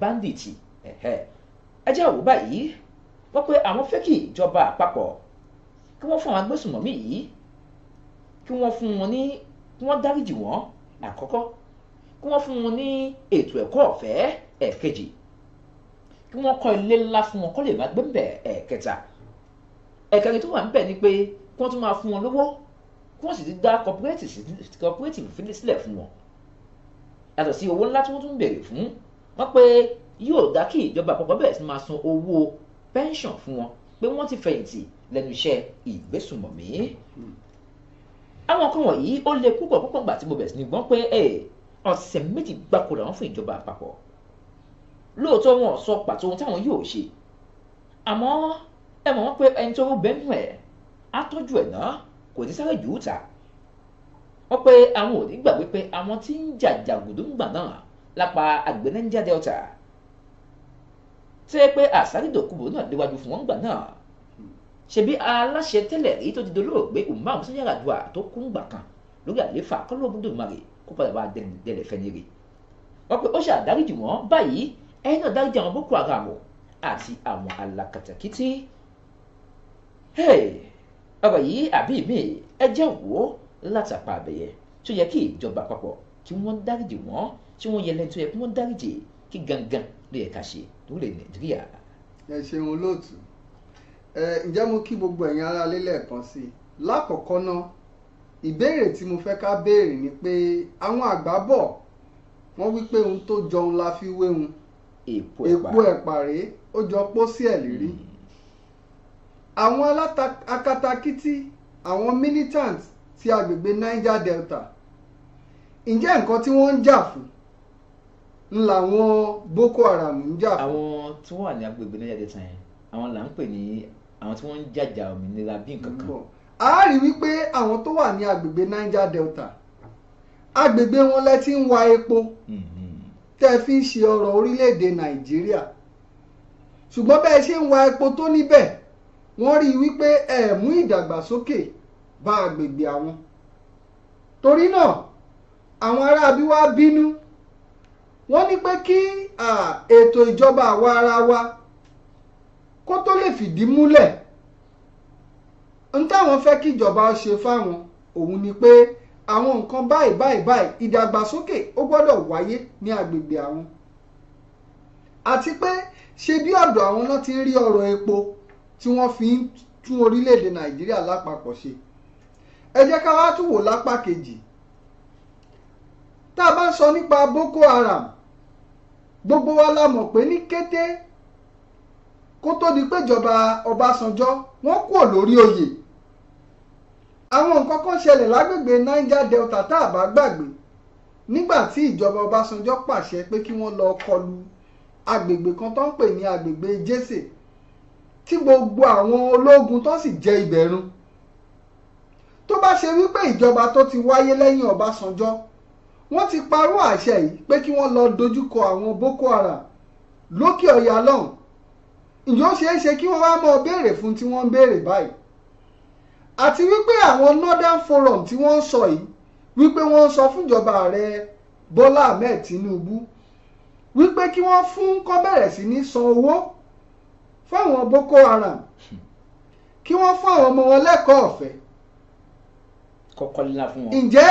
bandits ẹ jẹ́ àwò báyìí wọ́n pé àwọn fẹ́ kí ìjọba àpapọ̀ kí wọ́n fún àwọn agbésùnmọ̀mí yìí kí wọ́n fún wọn ní kí wọ́n dáríjì wọ́n àkọ́kọ́ kí wọ́n fún wọn ní ètò ẹ̀kọ́ ọ̀fẹ́ ẹ̀kejì kí wọ́n kọ́ ilé ńlá fún wọn kó lè má gbé ń bẹ̀ ẹ̀kẹta ẹ̀kẹrin tó wà níbẹ̀ ni pé kí wọ́n tún máa fún wọn lówó kí wọ́n sì ti dá cooperative sílẹ̀ fún wọn yàtọ̀ sí owó ńlá tí wọ́n tún béèrè fún wọ́n pé yóò dá kí ìjọba àpapọ̀ bẹ̀rẹ̀ sí máa san owó pension fún wọn pé wọ́n ti fẹ̀yìntì lẹ́nu iṣẹ́ ìgbésùmọ̀mí àwọn kan wọ̀nyí ó lè púpọ̀ púpọ̀ gbà tí mo bẹ̀rẹ̀ sí ní gbọ́n pé ọ̀sẹ̀ méjì gbáko làwọn fún ìjọba àpapọ̀ lóòótọ́ wọn sọ pàtó ohun táwọn yóò ṣe àmọ́ ẹ mọ̀ wọ́n pé ẹni tó bẹ́ẹ̀ nù ẹ̀ á tọ́jú ẹ̀ náà kò ní sáré jù ú ta wọ́n pé àwọn ò ní gbà wípé àwọn tí ń jàjàgùdù ń gbà náà lápá àgbẹ̀ Niger Delta tí ẹ pé àsádìdòkúbò náà léwájú fún wọn gbà náà ṣebí aláṣẹ tẹ́lẹ̀ èyí tó ti dolóògbé umar musa yaradua tó kún gbà kan lórí àléfà kọlọ́ọ̀bùdùmarè kó padà wá dẹ̀lẹ̀ fẹ́ níre wọ́n pe ó ṣe àdáríjì wọn báyìí ẹ̀yin náà dáríjì àwọn boko haram àti àwọn alákatakítí ọ̀rọ̀ yìí àbí mi ẹ jẹ́ wò ó látàpá abẹ́yẹ tó yẹ kí ìjọba àpapọ̀ kí wọ́n dáríjì wọ́n tí wọ́n yẹ lẹ́ni tó yẹ kí wọ́n dáríjì kí gangan ló yẹ ká ṣe lórílẹ̀ nàìjíríà. ẹ ṣeun olóòtú ẹ ǹjẹ́ mo kí gbogbo ẹ̀yin ará lé lẹ́ẹ̀kan sí i lákọ̀ọ́kọ́ ná ìbéèrè tí mo fẹ́ ká béèrè ni pé àwọn àgbà bọ̀ wọ́n wí pé ohun tó jọun la fi wéhun èpo ẹ̀pà rèé ó jọ pósí ẹ̀ lérí. Mm àwọn akátakítí àwọn militant ti agbègbè niger delta ǹjẹ́ nǹkan tí wọ́n ń jà fún ńlá wọn boko haram ń jà fún. àwọn tó wà ní agbègbè niger delta yẹn àwọn là ń pè ní àwọn tí wọ́n ń jàjà òmìnira bí nǹkan kan. a rí wípé àwọn tó wà ní agbègbè niger delta agbègbè wọn lẹ ti ń wa epo mm-hmm. tẹ́ fi ń ṣe ọrọ̀ orílẹ̀-èdè nàìjíríà ṣùgbọ́n bẹ́ẹ̀ ṣe ń wa epo tó níbẹ̀ wọ́n rí i wípé ẹ mú ìdàgbàsókè bá agbègbè àwọn torí náà àwọn ará bí wá bínú wọ́n ní pé kí ètò ìjọba àwa ara wa kó tó lè fìdí múlẹ̀ n fẹ́ kí ìjọba ṣe fáwọn òun ni pé àwọn nǹkan báyìí báyìí báyìí ìdàgbàsókè ó gbọ́dọ̀ wáyé ní agbègbè àwọn àti pé ṣe bí ọ̀dọ̀ àwọn náà ti rí ọ̀rọ̀ epo tí wọ́n fi ń tún orílẹ̀-èdè nàìjíríà lápapọ̀ ṣe ẹ jẹ́ ká wá tún wò lápá kejì tá a bá sọ nípa Boko Haram gbogbo wa la mọ̀ pé ní kété kó tó di péjọba Ọbásanjọ́ wọ́n kúrò lórí oyè àwọn nǹkan kan ṣẹlẹ̀ lágbègbè Niger Delta tá a bá gbàgbé nígbà tí ìjọba Ọbásanjọ́ pàṣẹ pé kí wọ́n lọ kọlu agbègbè kan tó ń pè ní agbègbè Jésè tí gbogbo àwọn ológun tó sì jẹ ìbẹ̀rùn tó bá ṣe wípé ìjọba tó ti wáyé lẹ́yìn Ọbásanjọ́ wọ́n ti parọ́ àṣẹ yìí pé kí wọ́n lọ dojúkọ àwọn Boko Haram lókè ọ̀yà lọ́hùn ǹjọ́ ṣeé ṣe kí wọ́n wá mọ́ béèrè fún tí wọ́n ń béèrè báyìí àti wípé àwọn Northern Forum tí wọ́n ń sọ yìí wípé wọ́n ń sọ fúnjọba ààrẹ Bọ́lá Ahmed Tinubu wípé kí wọ́n fún kó bẹ̀rẹ̀ sí ní san owó fáwọn Boko Haram kí wọ́n fún àwọn ọmọ wọn lẹ́kọ̀ọ́ ọ̀fẹ́. kọ́kọ́ fún wọn. ǹjẹ́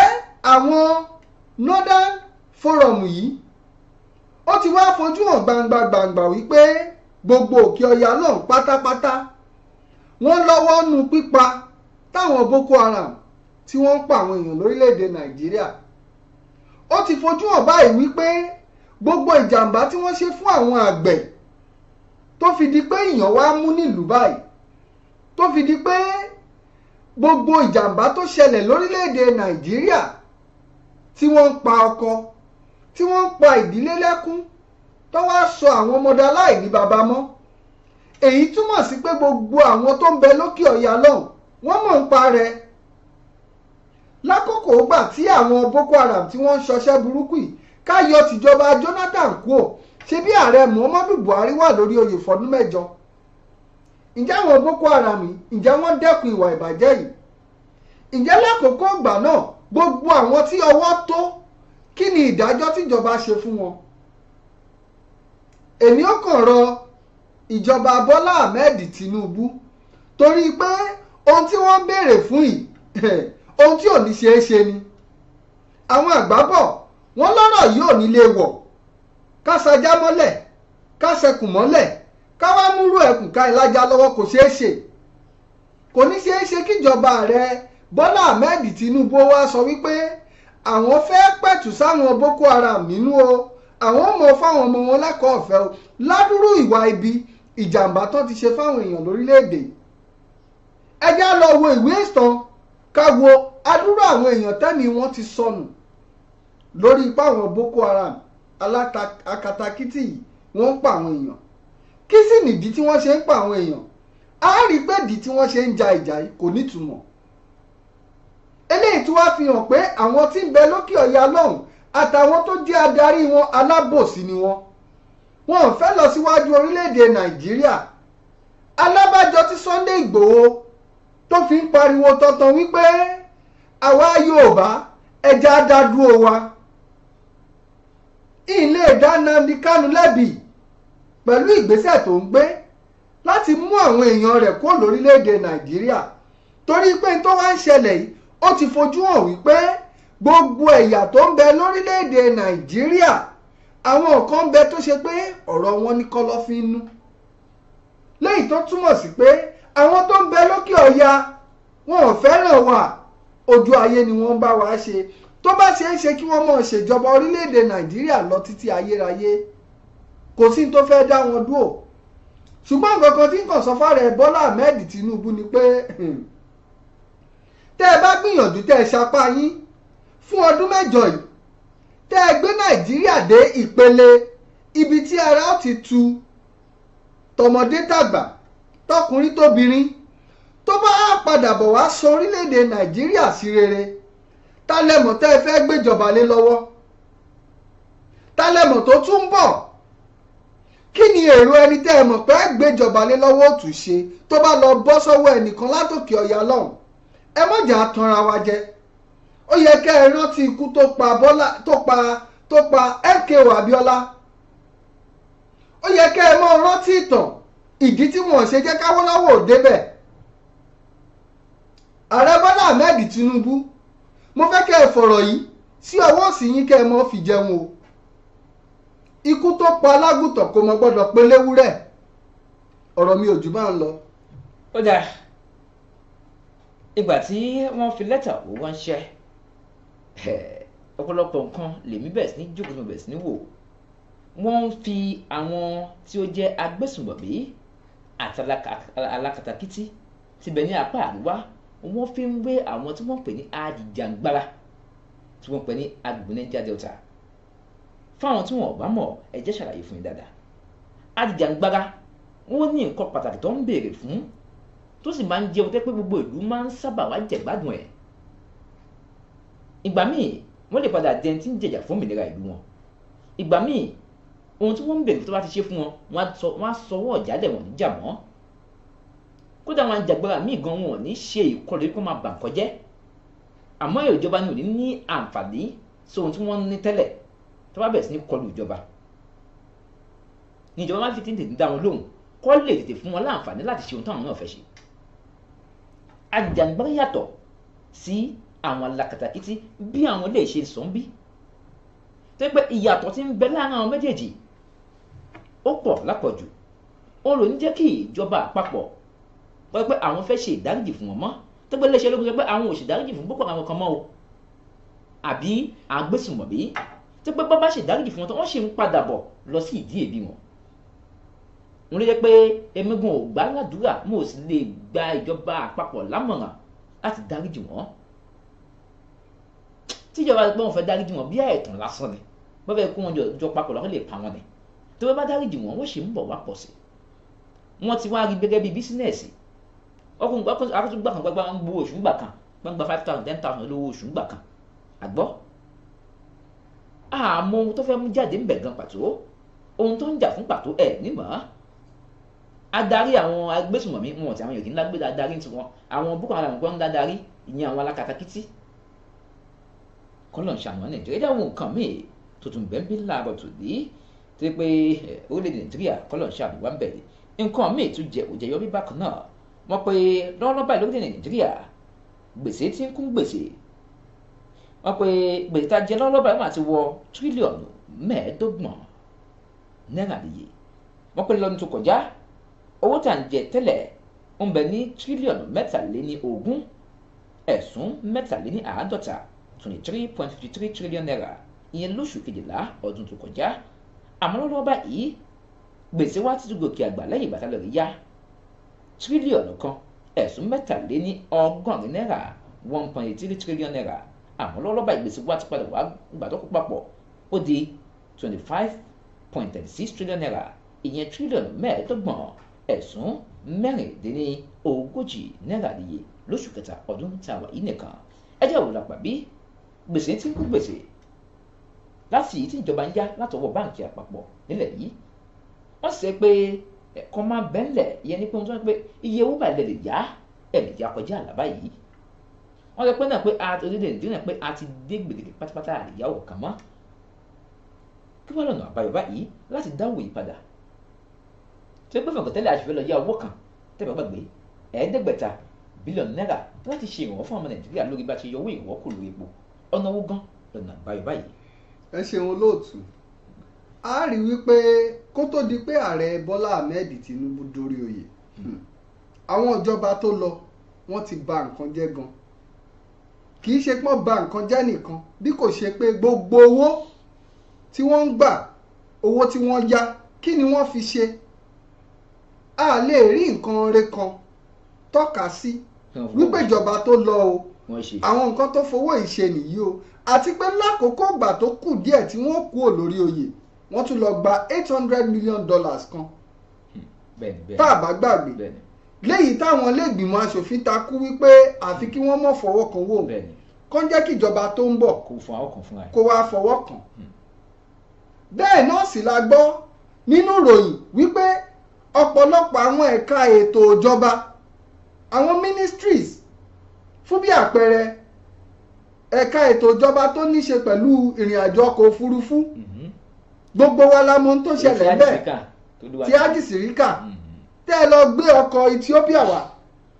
àwọn Northern Forum yìí ó ti wá fojú hàn gbangba gbangba wípé gbogbo òkè ọ̀yà náà pátápátá wọ́n lọ́wọ́ nu pípa táwọn Boko Haram tí wọ́n ń pa àwọn èèyàn lórílẹ̀‐èdè Nàìjíríà ó ti fojú hàn báyìí wípé gbogbo ìjàmbá tí wọ́n ṣe fún àwọn àgbẹ̀ tó fi di pé èèyàn wá mú nílùú báyìí tó fi di pé gbogbo ìjàmbá tó ṣẹlẹ̀ lórílẹ̀‐èdè nàìjíríà tí wọ́n ń pa ọkọ tí wọ́n ń pa ìdílé lẹ́kún tó wá sọ àwọn ọmọdé aláìní bàbá mọ́ èyí túmọ̀ sí pé gbogbo àwọn tó ń bẹ lókè ọ̀yà lọ́hùn wọ́n mọ̀ ń pa lákòókò gbà tí àwọn boko haram tí wọ́n ń ṣọṣẹ́ burúkú yìí ká tìjọba jonathan kúò ṣé bí ààrẹ muhammadu buhari wà lórí oyè fọdún mẹ́jọ ǹjẹ́ àwọn boko haram ǹjẹ́ wọ́n dẹ́kun ìwà ìbàjẹ́ yìí ǹjẹ́ lákòókò ìgbà náà gbogbo àwọn tí ọwọ́ tó kí ni ìdájọ́ tíjọba ṣe fún wọn èmi ò kàn rọ ìjọba bọ́lá ahmed tinubu torí pé ohun tí wọ́n ń béèrè fún yìí ohun tí ò ní ṣeé ṣe ni àwọn àgbà bọ̀ wọ́n lọ́rọ̀ yìí ò ní lè wọ̀ ká sajá mọ́lẹ̀ ká sẹkùn mọ́lẹ̀ ká wá múrú ẹ̀kùn ká ìlàjà lọ́wọ́ kò ṣeé ṣe kò ní ṣeé ṣe kíjọba ààrẹ Bọ́lá Ahmed Tinubu wá sọ wípé àwọn fẹ́ pẹ̀tù sáwọn Boko Haram nínú o àwọn ọmọ fáwọn ọmọ wọn lẹ́kọ̀ọ́ ọ̀fẹ́ o ládùúrú ìwà ibi ìjàmbá tó ti ṣe fáwọn èèyàn lórílẹ̀‐èdè ẹ já lọ wo ìwé ìtàn ká wo adúrú àwọn èèyàn tẹ́mi wọn ti sọnù lórí ipá àwọn Boko Haram alákatakítí yìí wọ́n ń pa àwọn èèyàn kí sì nìdí tí wọ́n ṣe ń pa àwọn èèyàn á rí i pé ìdí tí wọ́n ṣe ń ja ìjà yìí kò nítumọ̀ eléyìí tí wàá fi hàn pé àwọn tí ń bẹ lókè ọ̀yà lọ́hùn àtàwọn tó jẹ́ adarí wọn alábòsí ni wọ́n wọn ò fẹ́ lọ síwájú orílẹ̀-èdè nàìjíríà alábàjọ tí Sunday Ìgbòho tó fi ń pariwo tọ̀tàn wípé àwa Yorùbá ẹja dá dúró wa ilé ìdáná ní Kánú lẹ́bi pẹ̀lú ìgbésẹ̀ tó ń gbé láti mú àwọn èèyàn rẹ̀ kó lórílẹ̀‐èdè Nàìjíríà torí pé tó wá ń ṣẹlẹ̀ yìí ó ti fojú hàn wípé gbogbo ẹ̀yà tó ń bẹ lórílẹ̀‐èdè Nàìjíríà àwọn kan ń bẹ tó ṣe pé ọ̀rọ̀ wọn ní kọ̀lọ̀fín nú lẹ́yìn tó túmọ̀ sí pé àwọn tó ń bẹ lókè ọ̀ya wọn ò fẹ́ràn wa ojú ayé ni wọ́n bá wa ṣe tó bá ṣeé ṣe kí wọ́n mọ̀ ṣèjọba orílẹ̀-èdè nàìjíríà lọ títí ayérayé kò sí tó fẹ́ dá wọn dúró ṣùgbọ́n nǹkan kan tí ń kàn sọ fáre bọ́lá ahmed tinubu ni pé hmm, tẹ́ ẹ bá gbìyànjú tẹ́ ẹ sapá yín fún ọdún mẹ́jọ yìí tẹ́ ẹ gbé nàìjíríà dé ìpele ibi tí ara ó ti tu tọmọdé tàgbà tọkùnrin tóbìnrin tó bá padà bọ̀ wá sọ orílẹ̀-èdè nàìjíríà sí rere. Si tálẹ̀mọ̀ tẹ́ ẹ fẹ́ gbéjọba lé lọ́wọ́ tálẹ̀mọ̀ tó tún ń bọ̀ kí ni èrò ẹni tẹ́ ẹ mọ̀ pé gbéjọba lé lọ́wọ́ òtù ṣe tó bá lọ bọ́ sọ́wọ́ ẹnìkan látòkè ọ̀yà lọ́hùn ẹ mọ̀jà tanra wa jẹ ó yẹ kẹ́ ẹ rántí ikú tó pa bọ́lá tó pa tó pa MKO Abiola ó yẹ kẹ́ ẹ mọ̀ rántí ìtàn ìdí tí wọ́n ṣe jẹ́ káwọ́láwọ́ ò débẹ̀ ààrẹ Bọ́lá Ahmed Tinubu mo fẹ́ kẹ́ ẹ fọ̀rọ̀ yìí sí ọwọ́ òsì yín kẹ́ ẹ mọ́ fi jẹun o ikú tó pa alágùntàn kò mọ gbọ́dọ̀ pé léwúrẹ́ ọ̀rọ̀ mi ò jù bá ń lọ. ó dáa ìgbà tí wọ́n fi lẹ́tà wò wọ́n ṣe ọ̀pọ̀lọpọ̀ nǹkan lèmi bẹ̀rẹ̀ sí ní jókòó mi bẹ̀rẹ̀ sí ní wò wọ́n ń fi àwọn tí ó jẹ́ agbésùnbọ̀bí àti alákatakítí ti bẹ̀ ní apá àríwá wọ́n fi ń wé àwọn tí wọ́n pè ní ajìjàngbara tí wọ́n pè ní agbègbè Niger Delta fáwọn tí wọn ò bá mọ̀ ẹ jẹ́ ṣàlàyé fún yín dáadáa ajìjàngbara wọ́n ní nǹkan pàtàkì tó ń béèrè fún tó sì máa ń jẹ́ òtẹ́ pé gbogbo ìlú máa ń sábà wá jẹ̀gbádùn ẹ̀ ìgbà míì wọ́n lè padà dẹni tí ń jẹjà fún òmìnira ìlú wọn ìgbà míì ohun tí wọ́n ń béèrè tó bá ti ṣe fún wọn wọ́n á sọ wọ́n ọ̀já dẹ̀ wọ́n níjà mọ́ kódà wọn àjàgbára míì gan wọn ò ní ṣe ìkọlù yìí kó máa bà nǹkan jẹ́ àmọ́ ìjọba ni ò ní ní àǹfààní sóhun tí wọ́n ní tẹ́lẹ̀ tó bá bẹ̀rẹ̀ sí ní kọlù ìjọba níjọba máa fi tètè dá wọn lóhùn kọ́ lè tètè fún wọn láǹfààní láti ṣe ohun táwọn náà fẹ́ ṣe àjàgbára yàtọ̀ sí àwọn alakatakítí bí àwọn lè ṣe sọ ń bí tó pé ìyàtọ̀ ti ń bẹ láàárín àwọn méjèèjì ó pọ̀ lápọ̀jù ó lò ń jẹ́ kí ìjọba àpapọ̀ wọ́n pẹ́ àwọn fẹ́ ṣe ìdáríjì fún wọn mọ́ tẹ́gbẹ́ iléeṣẹ́ ológun sọ pé àwọn ò ṣe ìdáríjì fún Boko Haram kan mọ́ o àbí àgbésùmọ̀bí tẹ́gbẹ́ bá bá ṣe ìdáríjì fún wọn tó wọ́n ṣe ń padà bọ̀ lọ sí ìdí èbí wọn. n ló jẹ́ pé emegun ò gbá ládùúrà mo ò sì lè gba ìjọba àpapọ̀ lámọ̀ràn láti dáríjì wọn. tíjọba pé wọn fẹ́ dáríjì wọn bí ẹ̀tàn lásán ni wọ́n fẹ́ kó wọn jọ papọ̀ lọ́kàn lè pa wọn ni tó bá dáríjì wọn wọ́n ṣe ń bọ̀ wá pọ̀ sí wọ́n ti wá rí gẹ́gẹ́ bí bísínẹ́sì akọ́tún gbà kan gbàgbà wọn gbowó oṣù ńgbà kan wọn gba five thousand ten thousand olówó oṣù ńgbà kan àgbọ́ àmọ́ ohun tó fẹ́ mú jáde ń bẹ̀ gan pàtó ohun tó ń jà fún pàtó ẹ̀ nímọ̀ adarí àwọn agbésùnmọ̀mí wọn ti àwọn yòókì ńlá gbé adarí tiwọn àwọn boko haram kan ńlá darí ìyẹn àwọn alákatakítí kọ́lọ̀ ń ṣàmọ́ nàìjíríà dáwọn nǹkan míì tuntun bẹ́ẹ̀bí láàbọ̀ tó dé tó yẹ pé orílẹ̀-èdè nàìjíríà kọ́lọ̀ ń ṣàdùwà ń bẹ̀rẹ̀ nǹkan míì tún jẹ́ òjẹ̀yọ́ bí bákan náà wọ́n pe lọ́wọ́lọ́wọ́ báyìí lórílẹ̀ nàìjíríà gbèsè tí ń kún gbèsè wọ́n pe gbèsè tá a jẹ lọ́wọ́lọ́wọ́ báyìí máa ti wọ tírílíọ̀nù mẹ́ẹ̀ẹ́dọ́gbọ̀n náírà nìyí wọ́n pe lọ́dún tó kọjá owó tá à ń jẹ tẹ́lẹ̀ ń bẹ ní tírílíọ̀nù mẹ́tàléní ogún ẹ̀sún mẹ́tàléní àádọ́ta twenty three point fifty three trillion naira ìyẹn lóṣù kejìlá ọdún tó kọjá àmọ́ lọ́wọ́lọ́wọ́ báyìí gbèsè wa ti tún gòkè àgbà lẹ́yìn ìgbà tá a lọ rí yá tírílíọ̀nù kan ẹ̀sùn mẹ́tàléní ọgọ́rin náírà one point eight three trillion naira àmọ́ lọ́lọ́ba ìgbèsè wa ti padà wá gbàdọ́kọ̀ papọ̀ ó di twenty five point thirty six trillion naira ìyẹn tírílíọ̀nù mẹ́ẹ̀ẹ́dọ́gbọ̀n ẹ̀sùn mẹ́rìndínní ogójì náírà nìyí lóṣù kẹta ọdún tá a wà yìí nìkan ẹjẹ́ òwúlà pàbí gbèsè tí ń kú gbèsè láti tí ìjọba ń yá látọwọ́ báǹkì àpapọ̀ nílẹ̀ yìí wọ́n sọ pé kọ́ máa bẹ́ńlẹ̀ ìyẹn ní pé wọ́n sọ pé iye owó báyìí lè yá ẹ̀mí ìyá kọjá àlàbá yìí wọ́n sọ pé náà pé orílẹ̀ èdè náà pé a ti dé gbèdéke pátápátá àlèyáwó kan mọ́ kí wọ́n lọ́nà àbáyọ báyìí láti dáwò yìí padà tó gbé fún ọ̀gọ̀tẹ́lẹ̀ àṣìfẹ́ lọ yá owó kan tẹ́gbà gbàgbé ẹ̀ẹ́dẹ́gbẹ̀ta bílíọ̀nù náírà láti ṣe ìrànwọ́ fún ọmọ nàìjíríà lórí bá ṣe yọwọ́ ìrànwọ́ kù lórí epo ọ̀nà owó gan lọ́nà àbáyọ báyìí. ẹ ṣeun olóòtú a rí wípé kó tó di pé ààrẹ bọ́lá ahmed tinubu dórí oyè hmm. àwọn ìjọba tó lọ wọ́n ti ba nǹkan jẹ́ gan kì í ṣe pọ́n ba nǹkan jẹ́ nìkan bí kò ṣe pé gbogbo owó tí wọ́n ń gbà owó tí wọ́n yá kí ni wọ́n fi ṣe a lè rí nǹkan rẹ kan tọ́ka sí wípé ìjọba tó lọ o àwọn nǹkan tó fowó ìṣe nìyí o àti pé lákòókò ìgbà tó kù díẹ̀ tí wọ́n kú ò lórí oyè wọ́n tún lọ gba eight hundred million dollars kan hmm, tá a bá gbàgbé léyìí táwọn iléègbìmọ̀ asòfin takú wípé àfi kí wọ́n mọ̀ fọwọ́ kan wò kán jẹ́ kí ìjọba tó ń bọ̀ kó wá fọwọ́ kan hmm. bẹ́ẹ̀ náà sì la gbọ́ nínú ìròyìn wípé ọ̀pọ̀lọpọ̀ àwọn ẹ̀ka ètò ìjọba àwọn ministries fún bí àpẹẹrẹ ẹ̀ka ètò ìjọba tó ní ṣe pẹ̀lú ìrìn àjò ọkọ̀ òfurufú. Mm -hmm gbogbo wa la mọ̀ tó ṣẹlẹ̀ bẹ́ẹ̀ tí ajísìríkà mm-hmm. tẹ́ ẹ lọ gbé ọkọ̀ Ethiopia wá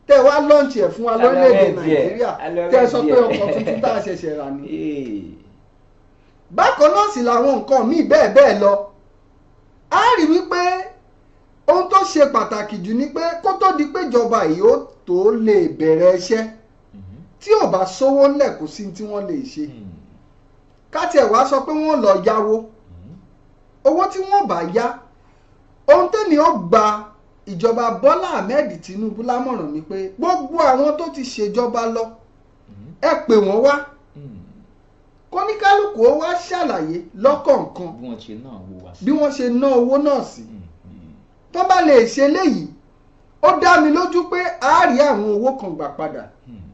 tẹ́ ẹ wá lọ́ǹtì ẹ̀ fún wa lórílẹ̀‐èdè Nàìjíríà tẹ́ ẹ sọ pé ọkọ̀ tuntun tá a ṣẹ̀ṣẹ̀ rà ni. bákan náà sì làwọn nǹkan míì bẹ́ẹ̀ bẹ́ẹ̀ lọ a rí wípé ohun tó ṣe pàtàkì jù ni pé kó tó di pé ìjọba yìí ó tó lè bẹ̀rẹ̀ iṣẹ́ mm-hmm. tí ò bá sówó ńlẹ̀ kò sí tí wọ́n lè ṣe mm-hmm. ká tiẹ̀ wá sọ pé wọ́n lọ yáwó owó tí wọ́n bá yá ohun tẹ́ni ó gba ìjọba Bọ́lá Ahmed Tinubu lámọ̀ràn ni pé gbogbo àwọn tó ti ṣèjọba lọ ẹ pè wọ́n wá kóníkálukú ó wá ṣàlàyé lọ́kọ̀ọ̀kan bí wọ́n ṣe ná owó náà sí hmm, hmm. tó bá lè ṣe léyìí ó dá mi lójú pé a rí àwọn owó kan gbà padà hmm.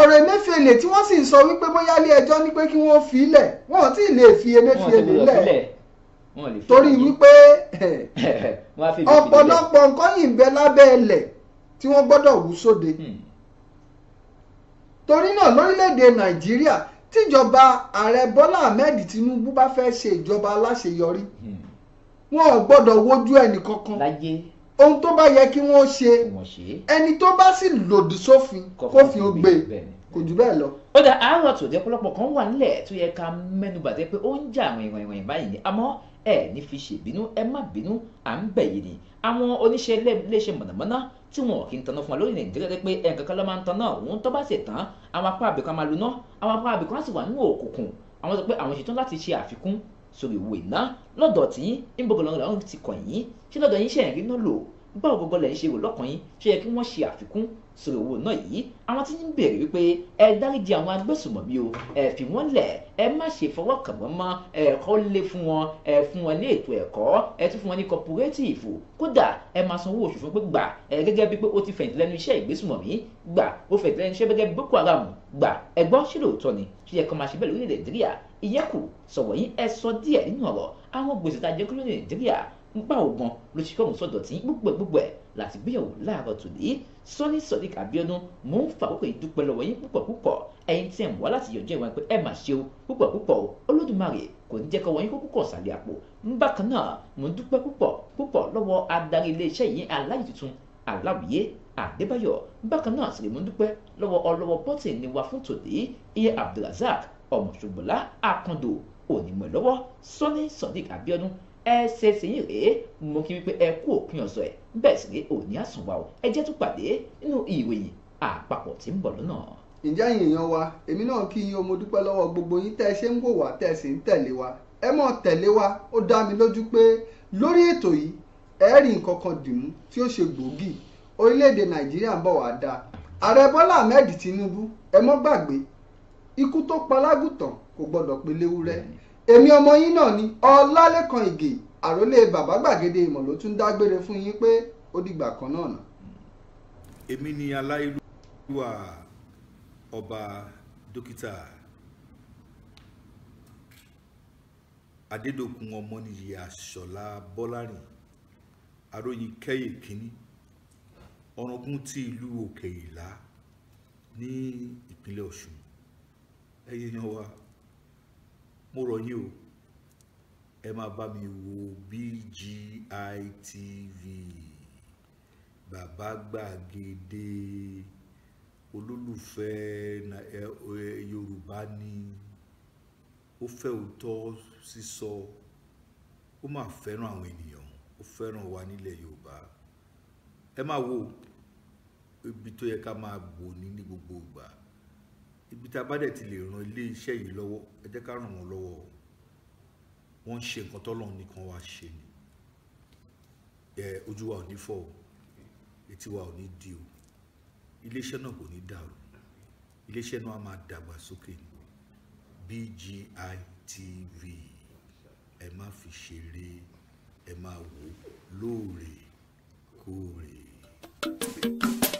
ọ̀rọ̀ Emefiele tí wọ́n sì ń sọ wípé bóyá ilé ẹjọ́ ní pé kí wọ́n fi í lẹ̀ wọ́n ti lè fi Emefiele lẹ̀ torí wípé ọ̀pọ̀lọpọ̀ nǹkan yìí ń bẹ lábẹ́ ilẹ̀ tí wọ́n gbọ́dọ̀ wú sóde hmm. torí náà lórílẹ̀‐èdè nàìjíríà tíjọba ààrẹ bọ́lá ahmed tinubu bá fẹ́ ṣe ìjọba aláṣeyọrí hmm. wọn ò gbọ́dọ̀ wojú ẹnì kankan ohun tó bá yẹ kí wọ́n ṣe ẹni tó bá sì lòdì sófin kófin ó gbé kò jù bẹ́ẹ̀ lọ. ó dà àárọ̀ tó jẹ́ pọ̀lọpọ̀ kan wà nílẹ̀ tó yẹ ká mẹ́nubà tẹ́ pé ó ń jà wìnwìnwìn báyìí àmọ́ ẹ ní fi ṣèbínú ẹ má bínú à ń bẹ̀ ni àwọn oníṣẹ́ iléeṣẹ́ mọ̀nàmọ́ná tí wọn kì í tanná fún wa lórí nàìjíríà rẹ pé ẹnì kankan ló máa ń tanná òun tó bá sì tán àwọn apá àbìkan máa luná àwọn apá àbìkan á sì wà nínú òkùnkùn àwọn sọ pé àwọn ṣetán láti ṣe àfikún sórí ìwé iná lọ́dọ̀ tí ń bọ̀gọ̀lọ́rọ̀ báwo gbọ́gbọ́ lẹ̀ ń ṣe rò lọ́kàn yín ṣe yẹ kí wọ́n ṣe àfikún sórí owó náà yìí àwọn tí ń béèrè wípé ẹ dáríji àwọn agbésùmọ̀mí o ẹ fi wọ́n lẹ̀ ẹ má ṣe fọwọ́ kàn wọ́n mọ́ ẹ kọ́ lé fún wọn ẹ fún wọn ní ètò ẹ̀kọ́ ẹ tún fún wọn ní kọpùrétìfù kódà ẹ máa sanwó oṣù fún pé gbà ẹ gẹ́gẹ́ bí pé ó ti fẹ̀yìntì lẹ́nu iṣẹ́ ìgbésùmọ̀mí gbà ó fẹ̀yìntì lẹ́nu iṣẹ́ gẹ́gẹ́ bí Boko Haram gbà ẹ gbọ́ ṣé lóòótọ́ ni ṣe yẹ kó máa ṣe bẹ́ẹ̀ lórílẹ̀ Nàìjíríà ìyẹ́kù sọ̀wọ́ yín ẹ ń bá ògan ló ṣe kọ́hún sọ̀dọ̀ tí gbogbo ẹ̀ gbogbo ẹ̀ láti gbéyàwó láàárọ̀ tòní sọ́ni sọ̀dík abiodun mò ń fa àkókò ìdúpẹ́ lọ́wọ́ yín púpọ̀ púpọ̀ ẹ̀yin tí ẹ̀ ń wá láti yọjọ́ ìwọ̀n pé ẹ mà ṣe o púpọ̀ púpọ̀ o olódùmarè kò ní jẹ́ kọ́ wọ́n yín kókó kọ̀ sàlẹ̀ àpò bákan náà mò ń dúpẹ́ púpọ̀ púpọ̀ lọ́wọ́ adarí iléeṣẹ́ ẹ ṣe sèyìn rèé mo kí wípé ẹ kú òpin ọ̀sọ̀ ẹ̀ bẹ́ẹ̀ sì rèé òní àsùnwà o ẹ jẹ́ tún pàdé nínú ìròyìn àpapọ̀ tí ń bọ̀ lọ́nà. ǹjẹ́ ẹ̀yin èèyàn wa èmi náà kí yín o mo dúpẹ́ lọ́wọ́ gbogbo yín tẹ́ ẹ ṣe ń wò wá tẹ́ ẹ sì ń tẹ̀lé wa ẹ mọ̀ tẹ̀lé wa ó dá mi lójú pé lórí ètò yìí ẹ rí nǹkan kan dìmú tí ó ṣe gbòógì orílẹ̀-èdè nàìjíríà ń bọ̀ wá dáa ààrẹ bọ́lá ahmed tinubu ẹ mọ́ gbàgbé ikú tó pa kò gbọ́dọ̀ pe léwúrẹ́ èmi ọmọ yín náà ni ọlálẹ́kan ìgè àròlé bàbá gbàgede ìmọ̀ ló tún dágbére fún yín pé ó dìgbà kan náà nà. èmi ni aláìlúwà ọba dókítà adédọ̀kun ọmọnìyí àṣọlá bọ́lárìn aróyin kẹ́yè kínní ọ̀ràngún ti ìlú òkè ìlà ní ìpínlẹ̀ ọ̀ṣun ẹ̀yẹ̀yàn wa mo rọ̀ yín o ẹ máa bá mi wo BGI TV bàbá gbàgede olólùfẹ́ Yorùbá ni ó fẹ́ òótọ́ sísọ ó máa fẹ́ràn àwọn ènìyàn ó fẹ́ràn wa nílẹ̀ Yorùbá ẹ máa wo ibi tó yẹ ká máa bò ní ní gbogbo ìgbà ibi tá a bá dẹ̀ ti lè ran ilé iṣẹ́ yìí lọ́wọ́ ẹ jẹ́ ká ràn wọ́n lọ́wọ́ wọ́n ń ṣe nǹkan tọ́lọ́run nìkan wá ṣe ni ẹ ojú wa ò ní fọ́ o etí wa ò ní di o iléeṣẹ́ náà kò ní dàrú iléeṣẹ́ náà á máa dàgbà sókè ni BGI TV ẹ má fi ṣeré ẹ máa wò lóòrèkóòrè. thank you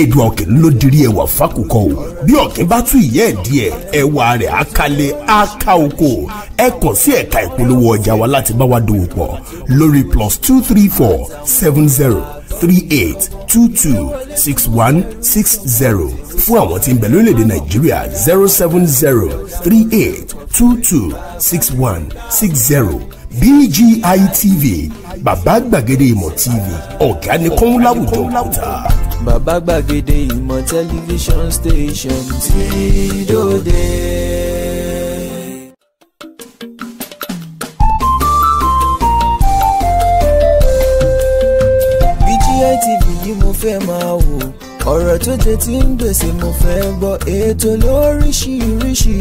èdùn ọ̀kẹ́ ló dirí ẹwà fákòkò o bí ọ̀kẹ́ bá tú ìyẹ́ ẹ̀ ẹwà rẹ̀ akalẹ̀ aka oko ẹ kàn sí ẹ̀ka ìpolówó ọjà wa láti bá wa dòwò pọ̀ lórí plus two three four seven zero three eight two two six one six zero fún àwọn tí ń bẹ lórílẹ̀ nàìjíríà zero seven zero three eight two two six one six zero BGI TV bàbá gbàgede ìmọ̀ TV ọ̀gá ni kọ́ńláwùjọ kùtà bàbá gbàgede ìmọ̀ tẹlifíṣọ̀n station tí dòde. BGITV, TV yìí mo fẹ́ máa wò ọ̀rọ̀ tó jẹ ti ń gbèsè mo fẹ́ gbọ́ ètò lóríṣiríṣi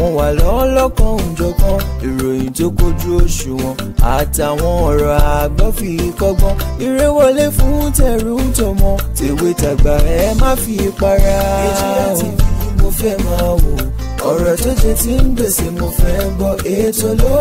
wọ́n wà lọ́lọ́kan òjọ̀kan ìròyìn tó kojú òṣùwọ̀n àtàwọn ọ̀rọ̀ àgbọ́ fi kọ́gbọ́n eré wọlé fún tẹ̀rù ń tọmọ tèwe tàgbà ẹ má fi para. Ìjìyà TV mo fẹ́ máa wò ọ̀rọ̀ tó jẹ ti ń gbèsè mo fẹ́ gbọ́ ètò lórí.